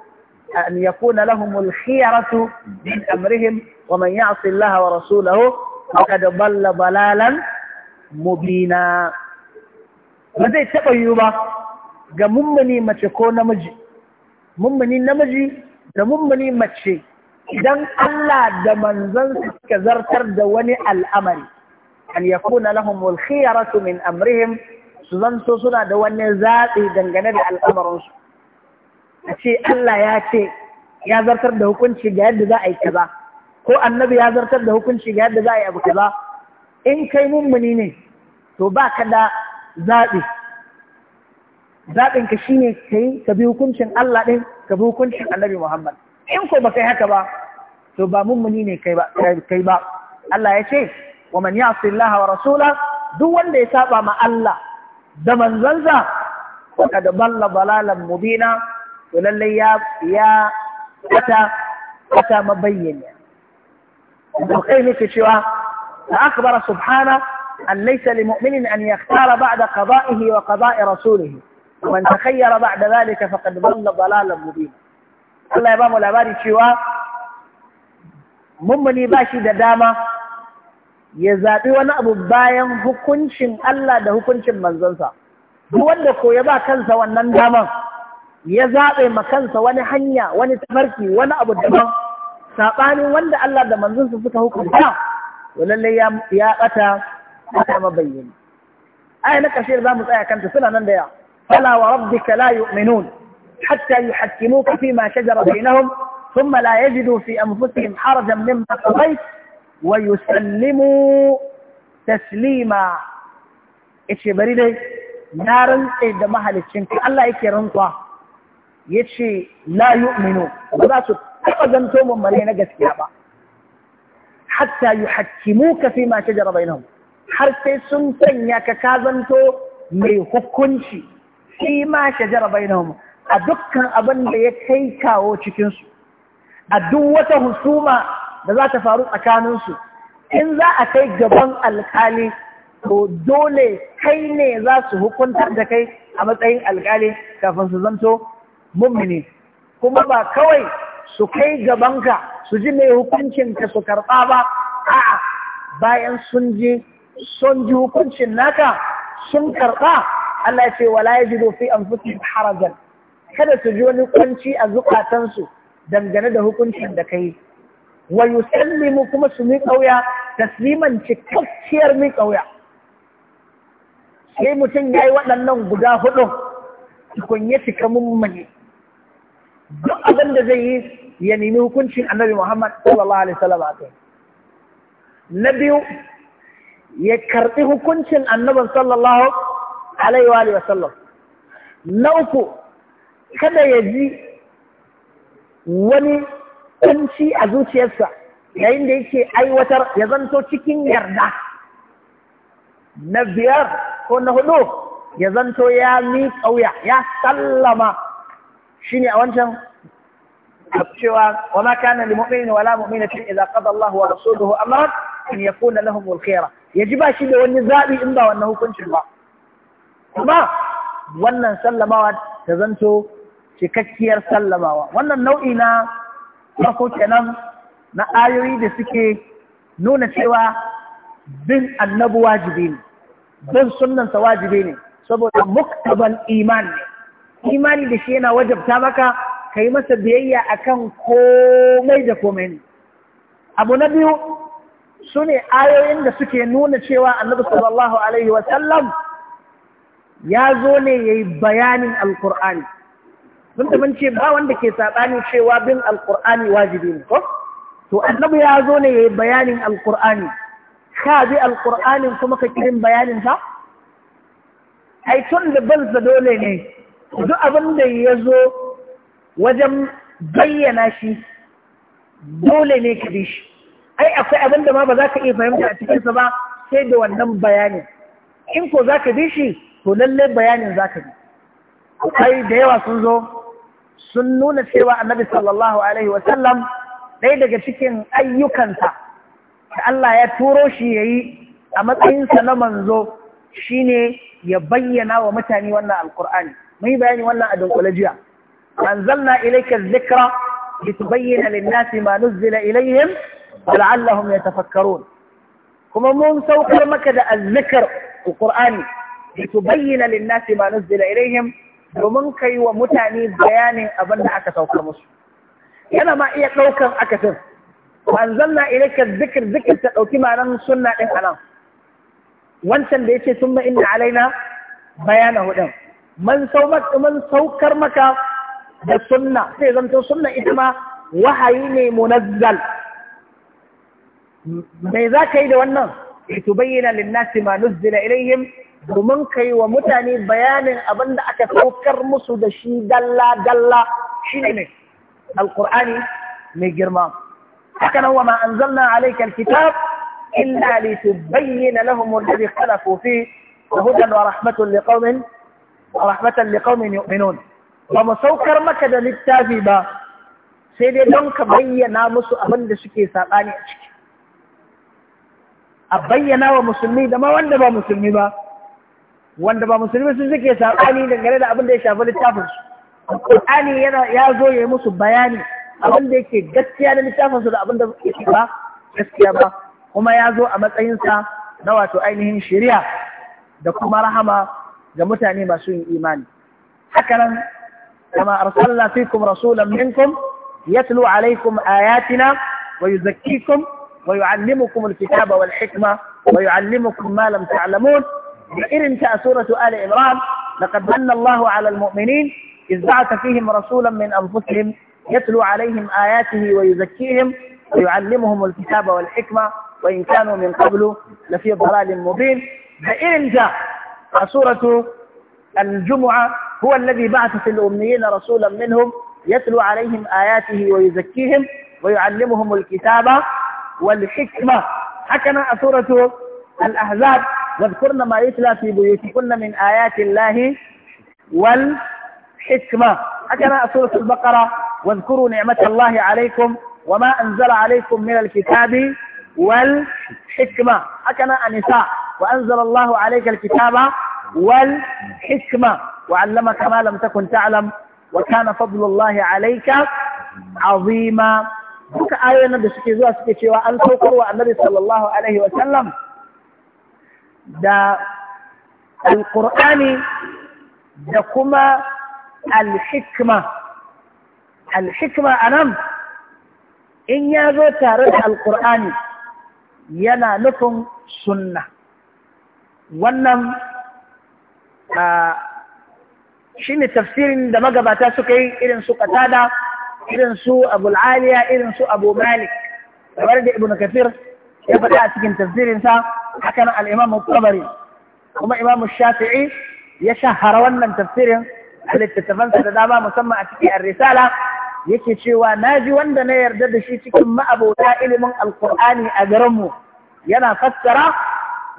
أن يكون لهم الخيرة من أمرهم ومن يعص الله ورسوله فقد ضل ضلالا مبينا ba zai taɓa yiwu ba ga mummuni mace ko namiji mummuni namiji da mummuni mace idan Allah da manzansa suka zartar da wani al'amari an yakuna lahum wal min amrihim su zanto suna da wani zaɓi dangane da al'amarinsu a ce Allah ya ce ya zartar da hukunci ga yadda za a yi kaza ko annabi ya zartar da hukunci ga yadda za a yi abu kaza in kai mummuni ne to ba ka da zaɓi zaɓinka shi ne ka yi ka bi hukuncin Allah ɗin ka bi hukuncin annabi Muhammad in ko ba kai haka ba to ba mummuni ne kai ba Allah ya ce wa man ya'si Allah wa rasula duk wanda ya saba ma Allah da manzansa faqad balla balalan mubina to lalle ya ya wata wata mabayyana da kai ne cewa cewa akbara subhana an laysa li mu'minin an yakhtara ba'da qada'ihi wa qada'i rasulihi ومن تخير بعد ذلك فقد ضل ضلالا مبينا Allah ya ba mu labari cewa mummuni ba shi da dama ya zaɓi wani abu bayan hukuncin Allah da hukuncin manzansa. Duk wanda ko ba kansa wannan daman ya zaɓe ma kansa wani hanya, wani tafarki, wani abu daban, saɓanin wanda Allah da manzansa suka hukunta, to lallai ya ɓata ta mabayyana. Aya na ƙarshe za mu tsaya kanta suna nan da yawa. فلا وربك لا يؤمنون حتى يحكموك فيما شجر بينهم ثم لا يجدوا في أنفسهم حرجا مما قضيت ويسلموا تسليما إيش بريدي نار إيد مهل الشنك الله إيش رنطوا إيش لا يؤمنوا وذاتوا تقدمتهم ملينا قسكيابا حتى يحكموك فيما شجر بينهم حتى سنتين يا كاكازنتو مي حكمشي shi ma shajara bainahum a dukkan abin da ya kai kawo cikinsu a duk wata husuma da za ta faru tsakaninsu in za a kai gaban alkali to dole kai ne za su hukuntar da kai a matsayin alkali kafin su zanto mummini kuma ba kawai su kai gabanka su ji mai ka su karɓa ba a'a bayan sun sun ji hukuncin naka sun karɓa Allah ya ce wala yajidu fi anfusihim harajan kada su ji wani kunci a zukatansu dangane da hukuncin da ka yi. wa yusallimu kuma su mi kauya tasliman cikakkiyar mi kauya sai mutum ya yi waɗannan guda hudu kun ya cika mummuni duk abin da zai yi ya nemi hukuncin annabi Muhammad sallallahu alaihi wasallam na biyu ya karɓi hukuncin annaban sallallahu alaihi alaihi wa sallam na uku kada ya ji wani kunci a zuciyarsa yayin da yake aiwatar ya zanto cikin yarda na biyar ko na hudu ya zanto ya mi kauya ya sallama shine a wancan cewa wala kana lil mu'mini wala mu'minatin idza qada Allah wa rasuluhu amran an yakuna lahum al yaji ba shi da wani zabi in ba wannan hukuncin ba amma wannan sallamawa ta zanto cikakkiyar sallamawa wannan nau'i na farko kenan na ayoyi da suke nuna cewa bin annabu wajibi ne bin sunnansa wajibi ne saboda muktabal imani imani da shi yana wajabta maka ka yi masa biyayya akan komai da komai ne abu na biyu su ne ayoyin da suke nuna cewa annabi sallallahu alaihi wasallam ya zo ne ya yi bayanin alkur'ani sun da ce ba wanda ke saɓanin cewa bin alkur'ani wajibi ne ko to annabi ya zo ne ya yi bayanin alkur'ani ka bi alkur'anin kuma ka kirin bayanin sa ai tun da sa dole ne duk abin da ya zo wajen bayyana shi dole ne ka bi shi ai akwai abin da ma ba za ka iya fahimta a cikinsa ba sai da wannan bayanin in ko za ka bi shi to lalle bayanin zaka bi. kai da yawa sun zo sun nuna cewa annabi sallallahu alaihi wasallam ɗaya daga cikin ayyukansa da Allah ya turo shi ya yi a matsayinsa na manzo shine ya bayyana wa mutane wannan alkur'ani mun yi bayani wannan a dunkule jiya anzalna ilayka dhikra litubayyana lin-nasi ma nuzila ilayhim wa la'allahum yatafakkarun kuma mun saukar maka da al alkur'ani litubayyana lin-nasi ma nuzila ilaihim domin kayi wa mutane bayanin abin da aka sauka musu yana ma iya ɗaukan akasin anzalna ilayka dhikr dhikr ta ɗauki malan sunna ɗin anan wancan da yace thumma inna alaina bayanahu din man saukar maka da sunna sai zanto ita ma wahayi ne munazzal me za ka yi da wannan litubayyana lin domin ka yi wa mutane bayanin abinda aka saukar musu da shi dalla-dalla shi ne alkur'ani mai girma haka nan wa ma anzalna alayka alkitab illa bayyana lahum alladhi kala kofi, da hudan wa rahmatan liƙaumin wa rahmatan liqaumin yu'minun ba mu saukar maka da littafi ba sai dai don ka bayyana musu abin da suke saɓani a ciki a bayyana wa musulmi da ma wanda ba musulmi ba wanda ba musulmi sun suke saɓani dangane da abin da ya shafi littafin su Qur'ani yana ya zo ya musu bayani abin da yake gaskiya na littafin su da abin da yake ba gaskiya ba kuma ya zo a sa na wato ainihin shari'a da kuma rahama ga mutane masu yin imani haka nan kama arsalna fikum rasulan minkum yatlu alaykum ayatina wa yuzakkikum wa yu'allimukum alkitaba wal hikma wa yu'allimukum ma lam ta'lamun انتهى سورة آل عمران لقد من الله على المؤمنين إذ بعث فيهم رسولا من أنفسهم يتلو عليهم آياته ويزكيهم ويعلمهم الكتاب والحكمة وإن كانوا من قبل لفي ضلال مبين فإن جاء سورة الجمعة هو الذي بعث في الأميين رسولا منهم يتلو عليهم آياته ويزكيهم ويعلمهم الكتاب والحكمة حكنا سورة الأحزاب واذكرن ما يتلى في بيوتكن من آيات الله والحكمة هكذا سورة البقرة واذكروا نعمة الله عليكم وما أنزل عليكم من الكتاب والحكمة هكذا النساء وأنزل الله عليك الكتاب والحكمة وعلمك ما لم تكن تعلم وكان فضل الله عليك عظيما duka آية da suke zuwa suke cewa an saukar wa annabi da alƙur'ani da kuma alhikma alhikma a nan in ya zo tare da alƙur'ani yana nufin sunna wannan shi ne tafsirin da magabata suka yi irin su katada irin su abu al'aliya irin su abu malik kamar da ibn kafir ya faɗi a cikin tafsirinsa hakan al'imam tabari kuma imam shafi'i ya shahara wannan tafsirin a littattafansa da dama musamman a cikin risala yake cewa na ji wanda na yarda da shi cikin ma'abota ilimin alkur'ani a garinmu yana fassara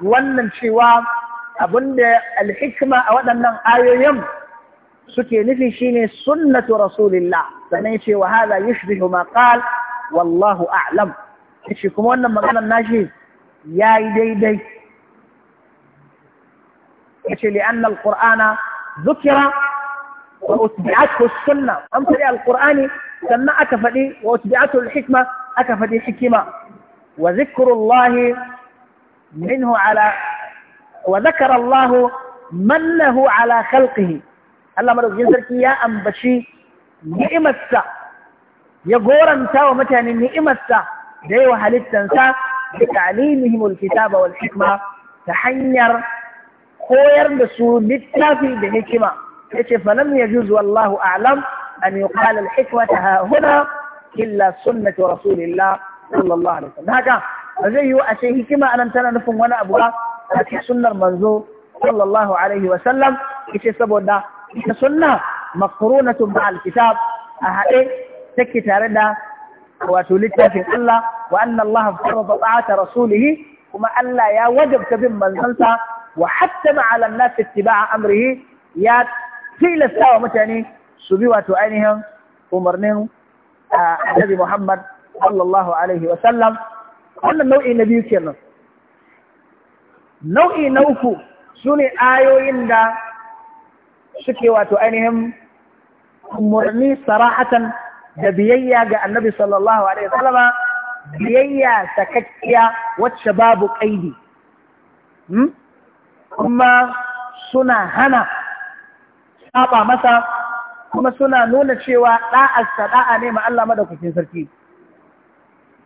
wannan cewa abinda alhikma a waɗannan ayoyin suke nufi shine sunnatu rasulillah sannan ya ce wa hada yushbihu ma qal wallahu a'lam yace kuma wannan maganar nashi yayi daidai yace li anna alqur'ana dhukira wa utbi'athu as-sunnah an fadi alqur'ani sannan aka fadi wa utbi'athu al-hikma aka fadi hikima wa dhikrullahi minhu ala wa dhakara Allah man lahu ala khalqihi Allah madaukakin sarki ya ambaci ni'imarsa ya goranta wa mutane ni'imarsa da yawa halittansa da ta'limihim alkitaba wal hikma ta hanyar koyar da su littafi da hikima yace falam yajuz wallahu a'lam an yuqala alhikmata ha huna illa sunnatu rasulillah sallallahu alaihi wasallam haka zai yi a ce hikima anan tana nufin wani abu ba a cikin sunnar manzo sallallahu alaihi wasallam yace saboda ita sunna maqrunatun ma'al kitab a haɗe take tare da wato littafin Allah wa anna Allah farada ta'ata rasulih kuma Allah ya wajabta bin manzansa wa hattama ala an-nas ittiba'a amrihi ya tilasta wa mutane su bi wato ainihin umarnin Annabi Muhammad sallallahu alaihi wa sallam wannan nau'i na biyu kenan nau'i na uku sune ayoyin da suke wato ainihin umarni sarahatan da biyayya ga annabi sallallahu alaihi wasallama biyayya sakakkiya wacce babu ƙa'idi. Hmm? kuma suna hana saba masa kuma suna nuna cewa ɗa'arsa ɗa'a ne ma'alla da kusin sarki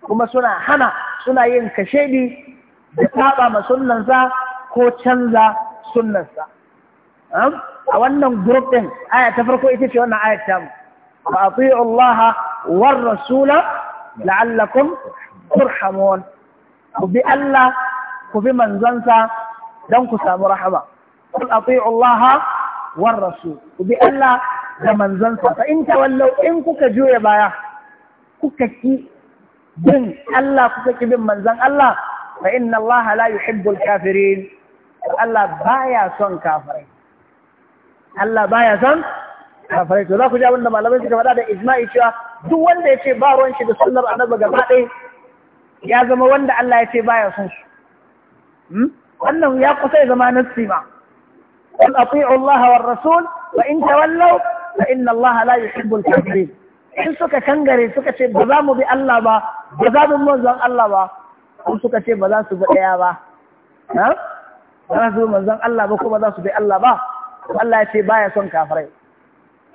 kuma suna hana suna yin kashedi da saba ma sunansa ko canza sunansa. Hmm? a wannan group ɗin aya ta farko ita ce wannan ayat mu. وأطيعوا الله والرسول لعلكم ترحمون وبي الله وبي من زنسى دنك سام رحمة قل أطيعوا الله والرسول وبي الله ومن زنسى فإن تولوا إن كك جوي بايا كك bin Allah kuka ki bin manzan Allah fa inna Allah la yuhibbul kafirin Allah baya son kafirai Allah baya son kafirai to za ku ji abin da malamai suka faɗa da ijma'i cewa duk wanda ya ce ba ruwan shi da sunnar annabi gaba ɗaya ya zama wanda Allah ya ce baya son shi hmm? wannan ya kusa ya zama nassi ma qul ati'u Allah war rasul wa in tawallaw fa inna Allah la yuhibbul kafirin in suka kangare suka ce ba za mu bi Allah ba ba za mu manzon Allah ba in suka ce ba za su bi ɗaya ba ba za su bi manzon Allah ba Kuma ba za su bi Allah ba Allah ya ce baya son kafirai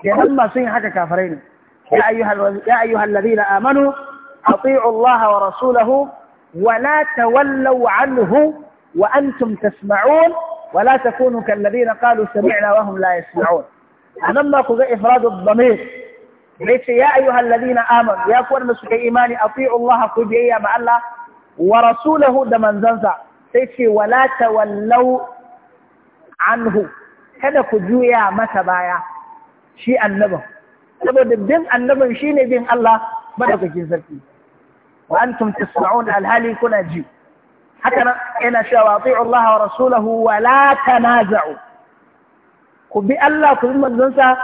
جنب ما سين حكا كافرين يا أيها, يا أيها الذين آمنوا أطيعوا الله ورسوله ولا تولوا عنه وأنتم تسمعون ولا تكونوا كالذين قالوا سمعنا وهم لا يسمعون أنما قد إفراد الضمير ليس يا أيها الذين آمنوا يا كون مسوك إيماني أطيعوا الله قد يا مع الله ورسوله دمان زنزع ليس ولا تولوا عنه هذا قد يا متبايا shi annabin saboda bin annabin shine bin Allah madaukakin sarki wa antum tasma'un alhali kuna ji haka nan yana cewa ati'u Allah wa rasulahu wa la tanaza'u ku bi Allah ku bi manzonsa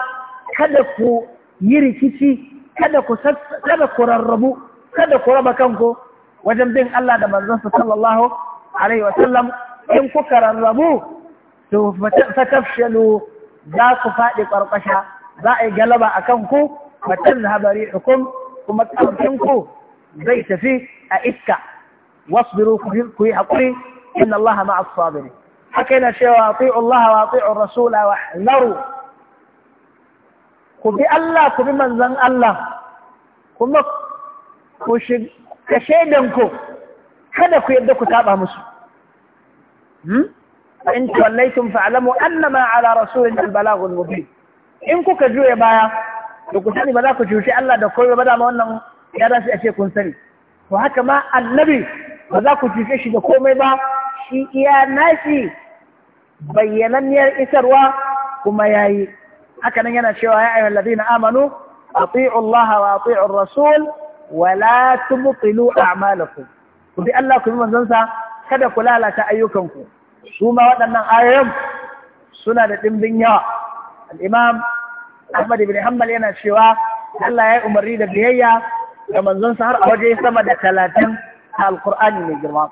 kada ku yi rikici kada ku kada ku rarrabu kada ku raba kanku wajen bin Allah da manzonsa sallallahu alaihi wa sallam in kuka rarrabu to fatafshalu za ku faɗi ƙarƙasha za a yi galaba a kanku matan zahabari hukum kuma ƙarfinku zai tafi a iska wasbiru ku yi haƙuri inna Allah ma'a sabiri haka yana cewa ati'u Allah wa ati'u rasula wa halaru ku bi Allah ku bi manzan Allah kuma ku ka shaidanku kada ku yadda ku taɓa musu in tawallaitum fa'lamu annama ala rasulina al-balaghul mubin in kuka juya baya da ku sani ba za ku cuci Allah da koyo ba dama wannan ya dace a ce kun sani to haka ma annabi ba za ku cuce shi da komai ba shi iya nashi bayyananniyar isarwa kuma yayi haka nan yana cewa ya ayyuhal ladina amanu ati'u Allah wa ati'u rasul wa la ku bi Allah ku bi manzon sa kada ku lalata ayyukanku su waɗannan ayoyin suna da ɗimbin yawa الإمام أحمد بن حنبل ينا شوا الله يا أمري دبيهيا كما نزل سهر أوجه سما دخلاتين القرآن من الجرماء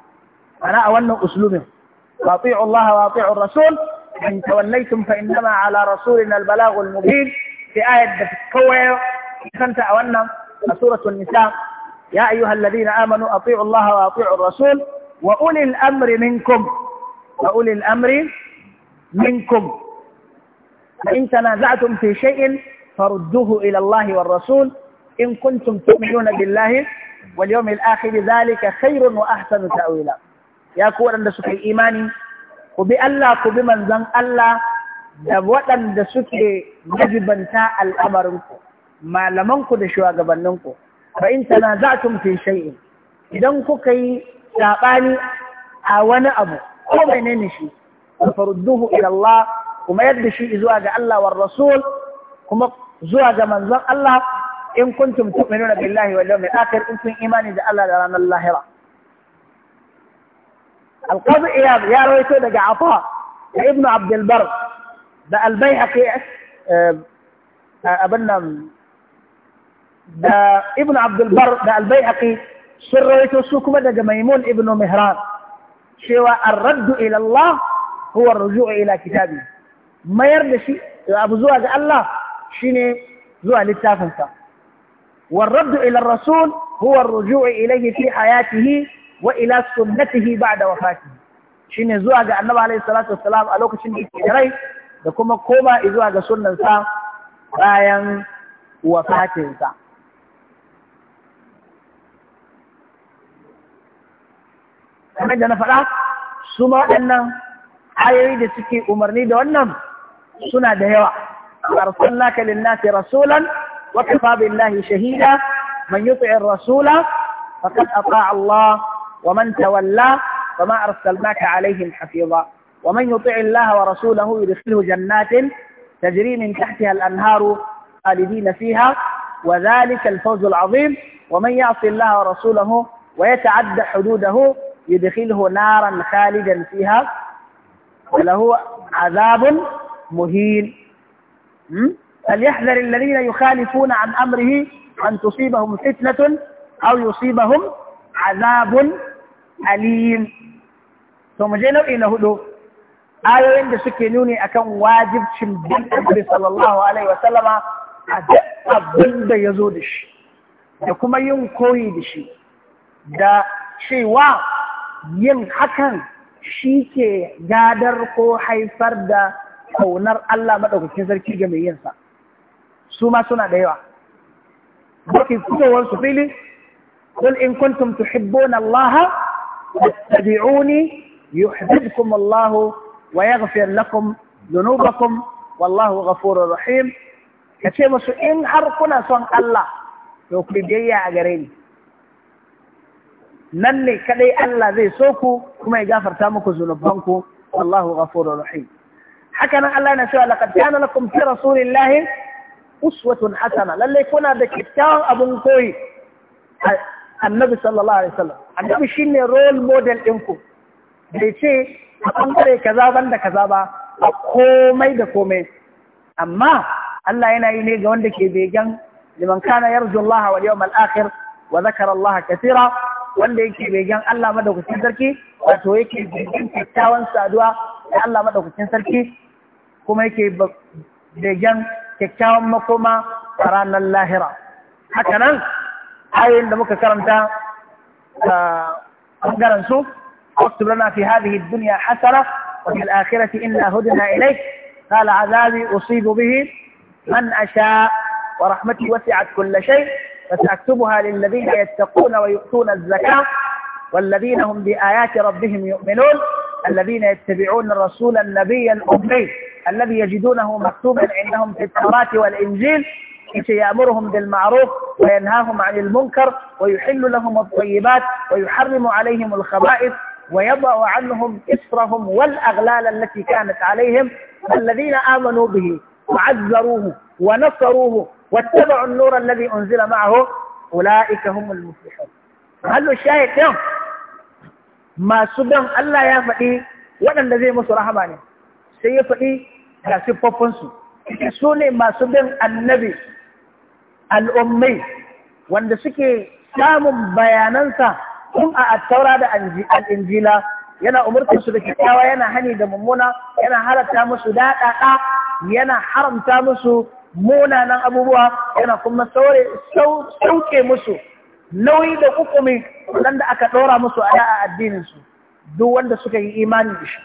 أنا أولنا أسلوبه وأطيعوا الله وأطيعوا الرسول إن توليتم فإنما على رسولنا البلاغ المبين في آية بتكوية فأنت أولنا سورة النساء يا أيها الذين آمنوا أطيعوا الله وأطيعوا الرسول وأولي الأمر منكم وأولي الأمر منكم فإن تنازعتم في شيء فردوه إلى الله والرسول إن كنتم تؤمنون بالله واليوم الآخر ذلك خير وأحسن تأويلا يا كورا لسك الإيمان وبألا كبمن ذن ألا دبوطا لسك نجبا تاء الأمر ما لمنك دشوا قبلنك فإن تنازعتم في شيء إذن كي تعطاني أو أبو أو من فردوه إلى الله kuma yadda shi zuwa ga Allah war rasul kuma zuwa ga manzon Allah in kuntum tu'minuna billahi wal yawmil akhir in الله imani da Allah da ranar lahira القاضي يا رويتو دقى عطاء ابن عبد البر ده البيهقي أبنا ده ابن عبد البر ده البيهقي سر رويتو سوكما دقى ميمون ابن مهران شوى الرد إلى الله هو الرجوع إلى كتابه mayar da shi abu zuwa ga Allah ne zuwa littafinsa والرد إلى الرسول هو الرجوع إليه في حياته ba da بعد Shi ne zuwa ga annaba alayhi salatu salam a lokacin da rai da kuma koma zuwa ga sunnansa bayan wafatinsa kamar da na faɗa su ma waɗannan ayoyi da suke umarni da wannan suna da yawa arsalnaka lin-nasi rasulan wa kafa billahi shahida man yuti'i ar-rasula faqad ata'a Allah wa man tawalla fama arsalnaka alaihim hafiza wa man yuti'i Allah wa rasulahu yudkhilhu jannatin تجري من تحتها الأنهار خالدين فيها وذلك الفوز العظيم ومن يعص الله ورسوله ويتعدى حدوده يدخله نارا خالدا فيها وله عذاب مهين فليحذر الذين يخالفون عن أمره أن تصيبهم فتنة أو يصيبهم عذاب أليم ثم جينا إلى هدو آية عند سكينوني أكون واجب شمدين أبري صلى الله عليه وسلم أدأت بند يزودش يكما ينكوي دشي دا شيء وا ين شيكي قادر قو حيفر kaunar Allah maɗaukakin sarki ga mai yinsa su ma suna da yawa bakin fitowar su fili قل إن كنتم تحبون الله فاتبعوني يحببكم الله ويغفر لكم ذنوبكم والله غفور رحيم kace musu in har kuna son Allah to ku biyayya a gare ni nan ne kadai Allah zai so ku kuma ya gafarta muku zunubanku wallahu ghafurur rahim haka nan Allah yana cewa laqad kana lakum fi rasulillahi uswatun hasana lalle kuna da kyakkyawan abun koyi annabi sallallahu alaihi wasallam annabi shine role model ku. bai ce a ɓangare kaza ban da kaza ba a komai da komai amma Allah yana yi ne ga wanda ke begen liman kana yarju Allah wal yawmal akhir wa zakara Allah kathira wanda yake begen Allah madaukakin sarki wato yake begen kyakkyawan saduwa da Allah madaukakin sarki kuma yake begen kyakkyawan makoma a ranar lahira haka nan ayoyin da muka karanta a ɓangaren su واكتب لنا في هذه الدنيا حسنة وفي الآخرة إنا هدنا إليك قال عذابي أصيب به من أشاء ورحمتي وسعت كل شيء فسأكتبها للذين يتقون ويؤتون الزكاة والذين هم بآيات ربهم يؤمنون الذين يتبعون الرسول النبي الأمي الذي يجدونه مكتوبا عندهم في التوراة والإنجيل يأمرهم بالمعروف وينهاهم عن المنكر ويحل لهم الطيبات ويحرم عليهم الخبائث ويضع عنهم إسرهم والأغلال التي كانت عليهم الذين آمنوا به وعزروه ونصروه واتبعوا النور الذي أنزل معه أولئك هم المفلحون هل الشاهد يوم ما سبهم ألا يا فقيه ولا الذي مصر رحمانه sai ya faɗi ga siffofinsu su ne masu bin annabi al'ummai wanda suke samun bayanansa kun a attaura da al'injila yana umarta su da kyakkyawa yana hani da mummuna yana halatta musu daɗaɗa yana haramta musu munanan abubuwa yana kuma sauke musu nauyi da hukumi waɗanda aka ɗora musu a addinin su duk wanda suka yi imani da shi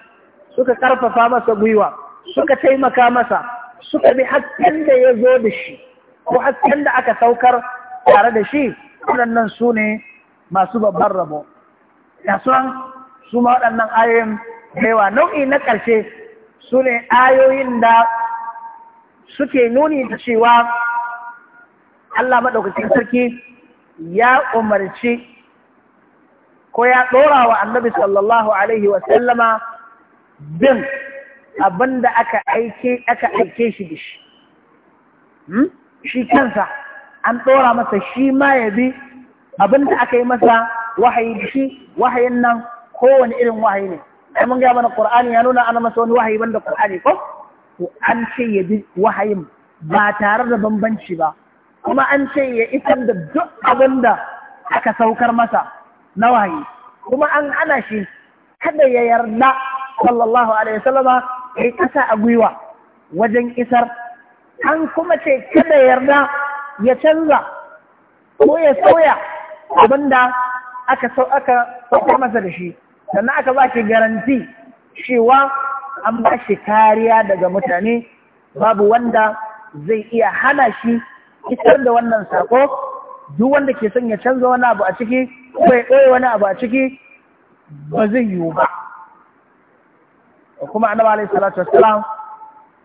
suka karfafa masa gwiwa suka taimaka masa suka bi hasken da ya zo da shi ko hasken da aka saukar tare da shi waɗannan su ne masu babban rabo ya sunan su ma waɗannan ayoyin yawa nau'i na ƙarshe su ne ayoyin da suke nuni da cewa Allah maɗaukacin sarki ya umarci ko ya ɗora wa annabi sallallahu alaihi wasallama bin abin da aka aike shi da shi hmm? shi kansa an ɗora masa shi ma ya bi abin da aka yi masa wahayi da shi wahayin nan kowane irin wahayi ne ai mun ga mana kur'ani ya nuna ana masa wani wahayi banda qur'ani ko ko an ce ya bi wahayin ba tare da bambanci ba kuma an ce ya isan da duk abin da aka saukar masa na wahayi kuma an ana shi kada ya yarda sallallahu alaihi wasallama yayi kasa a gwiwa wajen isar an kuma ce kada yarda ya canza ko ya sauya abinda aka sau aka sauka masa da shi sannan aka ba ki garanti cewa an ba shi kariya daga mutane babu wanda zai iya hana shi isar da wannan sako duk wanda ke son ya canza wani abu a ciki ko ya ɗoye wani abu a ciki ba zai yiwu ba kuma annabi alaihi salatu wassalam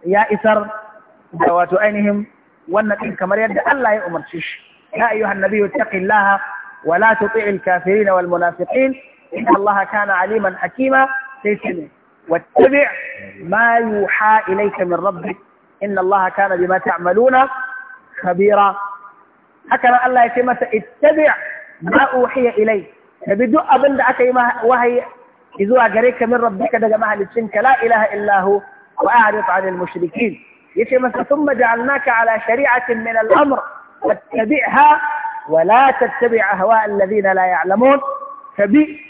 ya isar da wato ainihin wannan din kamar yadda Allah ya umarci shi ya ayyuhan nabiyyu taqillaha wa la tuti'il kafirin wal munafiqin inna Allah kana aliman hakima sai sai wattabi' ma yuha ilayka min rabbik inna Allah kana bima ta'maluna khabira haka nan Allah ya ce masa ittabi' ma uhiya ilayka bi duk abin da aka yi wahayi إذو أجريك من ربك دا جماعة لتشنك لا إله إلا هو وأعرض عن المشركين يتي ثم جعلناك على شريعة من الأمر فاتبعها ولا تتبع أهواء الذين لا يعلمون فبي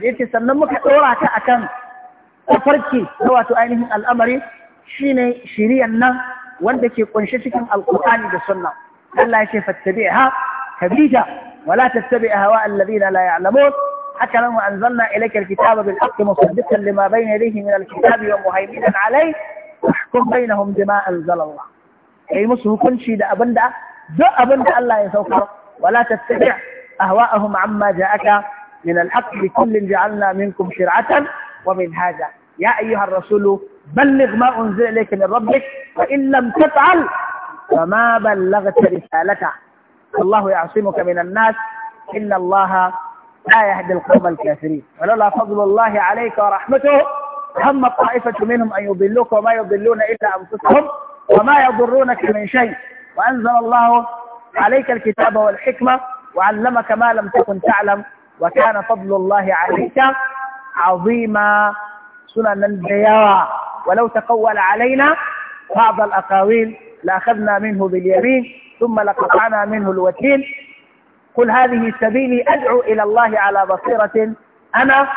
يتي سنمك أوراك أكام أفركي هو تؤينه الأمر شيني شريعنا يكون قنشتكم القرآن بسنة الله يتي فاتبعها فبيجا ولا تتبع أهواء الذين لا يعلمون حكما وأنزلنا إليك الكتاب بالحق مصدقا لما بين يديه من الكتاب ومهيمنا عليه احكم بينهم بما أنزل الله أي مسه كنشي دا أبندا دو أبندا الله يسوكر ولا تتبع أهواءهم عما جاءك من الحق لكل جعلنا منكم شرعة ومن هذا يا أيها الرسول بلغ ما أنزل إليك من ربك فان لم تفعل فما بلغت رسالته الله يعصمك من الناس إن الله لا يهدي القوم الكافرين ولولا فضل الله عليك ورحمته هم طائفة منهم أن يضلوك وما يضلون إلا أنفسهم وما يضرونك من شيء وأنزل الله عليك الكتاب والحكمة وعلمك ما لم تكن تعلم وكان فضل الله عليك عظيما سنن ديارا ولو تقول علينا بعض الأقاويل لأخذنا منه باليمين ثم لقطعنا منه الوتين قل هذه سبيلي أدعو إلى الله على بصيرة أنا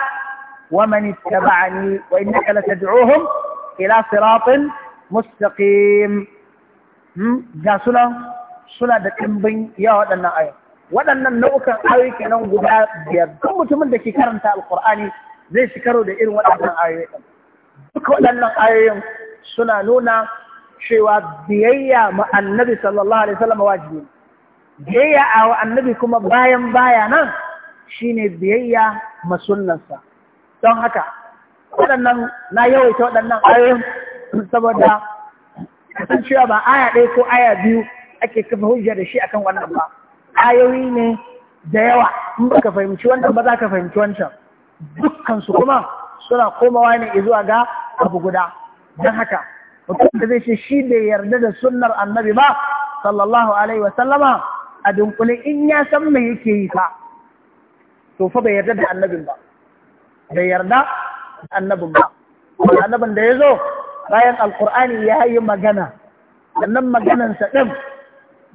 ومن اتبعني وإنك لتدعوهم إلى صراط مستقيم جاء سنة سنة تنبين يا ودنا آية ودنا نوكا آية كنو قبعا آية بيار كم تمند كي القرآن زي شكروا دي إلو ودنا آية دك ودنا آية سنة نونا شوى بيا مع النبي صلى الله عليه وسلم واجبين biyayya a annabi kuma bayan baya nan shi ne biyayya masunnansa don haka waɗannan na yawaita waɗannan ayoyin saboda kasan cewa ba aya ɗaya ko aya biyu ake kafa hujjar da shi akan wannan ba ayoyi ne da yawa in ba ka fahimci wannan ba za ka fahimci wancan dukkansu kuma suna komawa ne zuwa ga abu guda don haka mutum da zai ce shi bai yarda da sunnar annabi ba sallallahu alaihi wa sallama a dunkule in ya san me yake yi fa to fa bai yarda da annabin ba bai yarda da annabin ba annabin da ya zo bayan alkur'ani ya yi magana sannan maganansa ɗin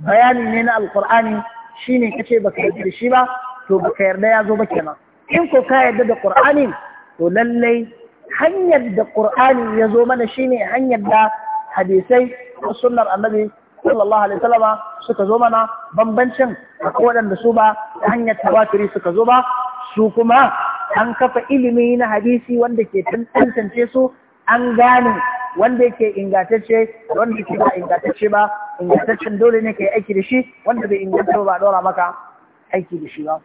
bayani ne na alkur'ani shine kace baka yarda da shi ba to baka yarda ya zo ba kenan in ko ka yarda da qur'ani to lallai hanyar da qur'ani ya zo mana shine hanyar da hadisai da sunnar annabi sallallahu alaihi wasallama suka zo mana bambancin akwai waɗanda su ba ta hanyar tawatiri suka zo ba su kuma an kafa ilimi na hadisi wanda ke tantance su an gane wanda yake ingantacce wanda yake ba ingantacce ba ingantaccen dole ne kai aiki da shi wanda bai inganta ba dora maka aiki da shi ba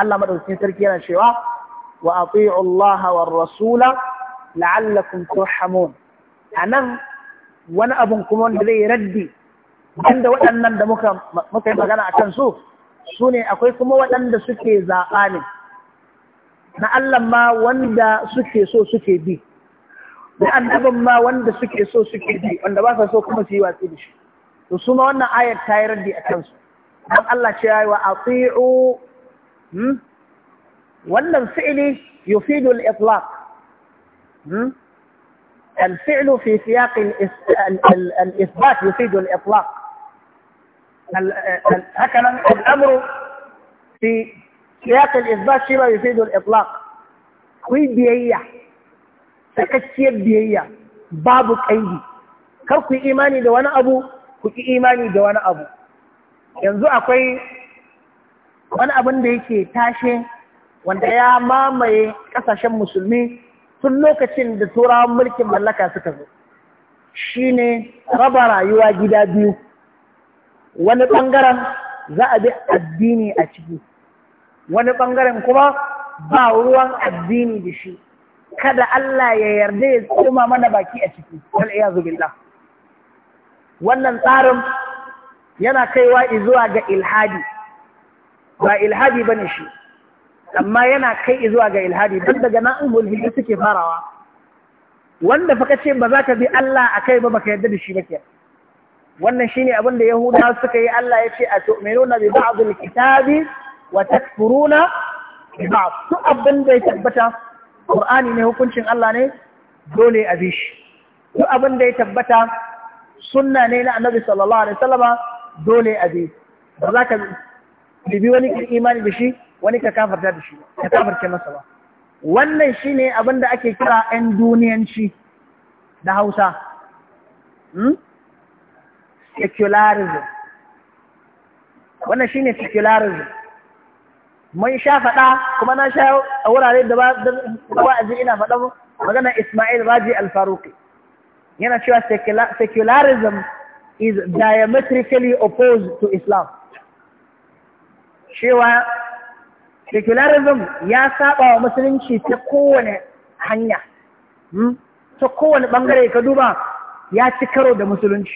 Allah madaukakin sarki yana cewa wa ati'u Allah war rasula la'allakum turhamun anan wani abun kuma wanda zai raddi banda waɗannan da muka muka yi magana akan su sune akwai kuma waɗanda suke zaɓa ne na Allah ma wanda suke so suke bi da annabin ma wanda suke so suke bi wanda ba sa so kuma su yi watsi da shi to su ma wannan ayar ta yi raddi a su dan Allah ce yayi wa ati'u wannan fi'li yufidu al-itlaq الفعل في سياق الإثبات يفيد الإطلاق هكذا الأمر في سياق الإثبات شبه يفيد الإطلاق akwai biyayya sakakkiyar biyayya babu kaidi kar kuyi imani da wani abu ku ki imani da wani abu yanzu akwai wani abin da yake tashe wanda ya mamaye ƙasashen musulmi tun lokacin da turawan mulkin mallaka suka zo shine raba rayuwa gida biyu wani ɓangaren za a bi addini a ciki wani ɓangaren kuma ba ruwan addini da shi kada Allah ya yarda ya tsoma mana baki a ciki wal iya billah wannan tsarin yana kaiwa zuwa ga ilhadi ba ilhadi ne shi amma yana kai zuwa ga ilhadi duk daga nan mulhidi suke farawa wanda fa ce ba za ka bi Allah a kai ba baka yarda da shi ba ke. wannan shine abin da yahudawa suka yi Allah ya ce a tu'minuna bi ba'd al-kitabi wa takfuruna bi ba'd to abin da ya tabbata Qur'ani ne hukuncin Allah ne dole a bi shi duk abin da ya tabbata sunna ne na Annabi sallallahu alaihi wasallama dole a bi ba za ka bibi wani ka imani da shi wani ka kafarta da shi ka kafarce masa ba wannan shine abin da ake kira ɗan duniyanci da Hausa hmm? secularism wannan shine secularism mun sha faɗa kuma na sha a wurare da ba a ji ina faɗa magana Ismail Raji Al-Faruqi yana cewa secularism is diametrically opposed to Islam cewa secularism ya saba wa musulunci ta kowane hanya hmm? ta kowane bangare ka duba ya ci karo da musulunci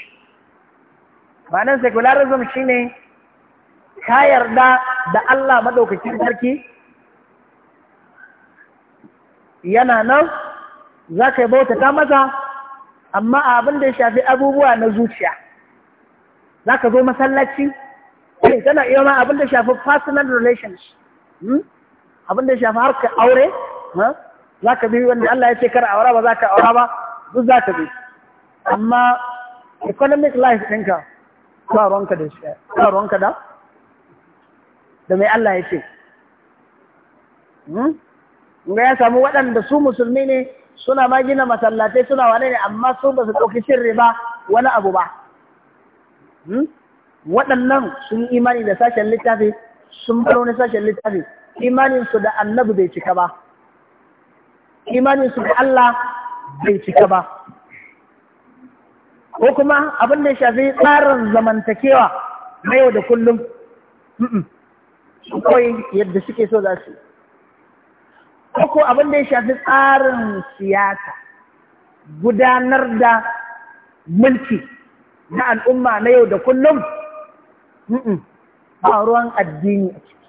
ma'anar secularism ne, ka yarda da Allah maɗaukakin sarki yana nan za ka yi ta masa amma abin da ya shafi abubuwa na zuciya za ka zo masallaci tana iya ma abin da ya shafi personal relations hmm? abin da ya shafi harkar aure za ka bi wanda Allah ya ce kar aura ba za ka aura ba duk za ka bi amma economic life ɗinka ba ruwanka da shi ba ruwanka da da mai Allah ya ce hmm? ga ya samu waɗanda su musulmi ne suna ma gina masallatai suna wane ne amma su ba su ɗauki shirri riba wani abu ba hmm? waɗannan sun imani da sashen littafi sun baro ne sashen littafi imaninsu da annabi bai cika ba imaninsu da Allah bai cika ba ko kuma abin da ya shafi tsarin zamantakewa na yau da kullum kawai yadda suke so za su ko ko abin da ya shafi tsarin siyasa gudanar da mulki na al'umma na yau da kullum ba ruwan addini a ciki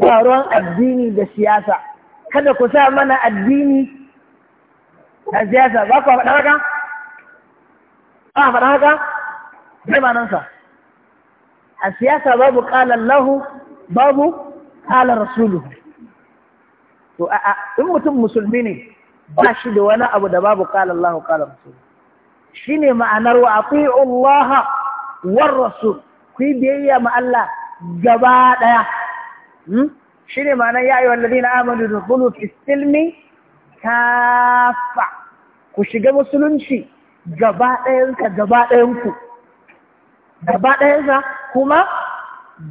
ba ruwan addini da siyasa kada ku sa mana addini da siyasa ba ku haɗa haka ba faɗa haka zai ba nan sa a siyasa babu ƙalar lahu babu ƙalar rasulu to a in mutum musulmi ne ba shi da wani abu da babu ƙalar lahu ƙalar rasulu shine ma'anar wa aqi'u Allah war rasul ku biyayya ma Allah gaba daya hmm? shine ma'anar ya wa ladina amanu dukhulu fi silmi kafa ku shiga musulunci gaba ɗayanka gaba ɗayanku gaba ɗayansa kuma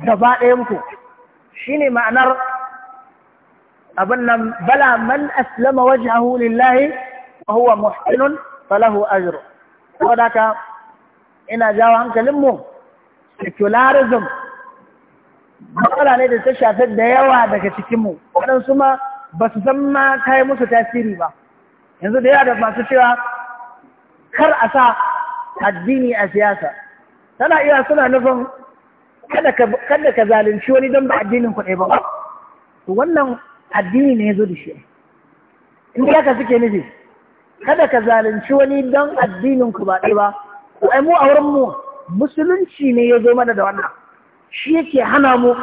gaba ɗayanku shi ne ma'anar abin nan bala man aslama wajhahu lillahi wa huwa muhsinun falahu ajru saboda ka ina jawo hankalinmu secularism matsala ne da ta shafi da yawa daga cikinmu waɗansu ma ba su san ma ta musu tasiri ba yanzu da yawa da masu cewa kar a sa addini a siyasa tana iya suna nufin kada ka zalunci wani don ba addinin kuɗe ba wannan addini ne ya zo da shi in haka suke nufi kada ka zalunci wani don addinin ku ba ɗaya ba ko ai mu a wurin mu musulunci ne ya zo mana da wannan shi yake hana mu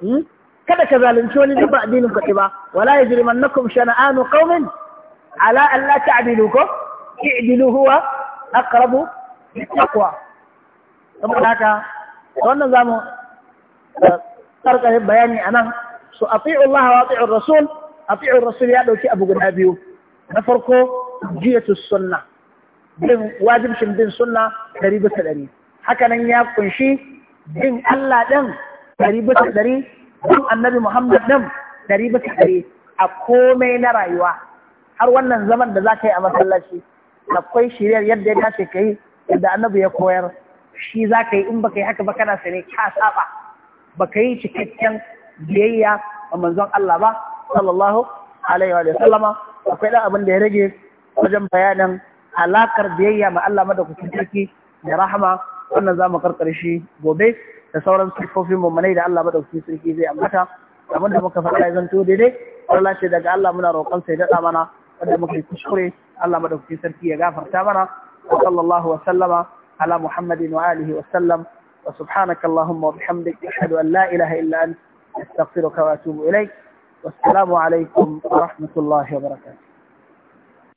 hmm, kada ka zalunci wani don ba addinin kuɗi ba wala yajrimannakum shana'anu qaumin ala an la ta'dilu ko i'dilu huwa aqrabu littaqwa saboda haka wannan zamu eh, karkare bayani anan su ati'u Allah wa ati'u Rasul ati'u Rasul ya dauki abu guda biyu na farko jiyatu sunna bin wajibcin bin sunna dari bisa dari haka nan ya kunshi bin Allah din dari bisa dari bin Annabi Muhammad din dari bisa dari a komai na rayuwa har wannan zaman da za ka yi a masallaci akwai shirya yadda ya dace ka yi yadda annabi ya koyar shi za ka yi in baka yi haka ba kana sane ka saba baka yi cikakken biyayya a manzon Allah ba sallallahu alaihi wa sallama akwai dan abin da ya rage wajen bayanan alakar biyayya ma Allah madaukakin sarki da rahama wannan za mu karkar gobe da sauran siffofin mummunai da Allah madaukakin sarki zai ambata abin da muka faɗa ya zanto daidai Allah ce daga Allah muna roƙon sai da mana wanda muka yi kuskure Allah madaukakin sarki ya gafarta mana wa sallallahu wa sallama ala muhammadin wa alihi wa sallam wa subhanaka allahumma wa bihamdika ashhadu an la ilaha illa anta astaghfiruka wa atubu ilaik wassalamu alaikum wa rahmatullahi wa barakatuh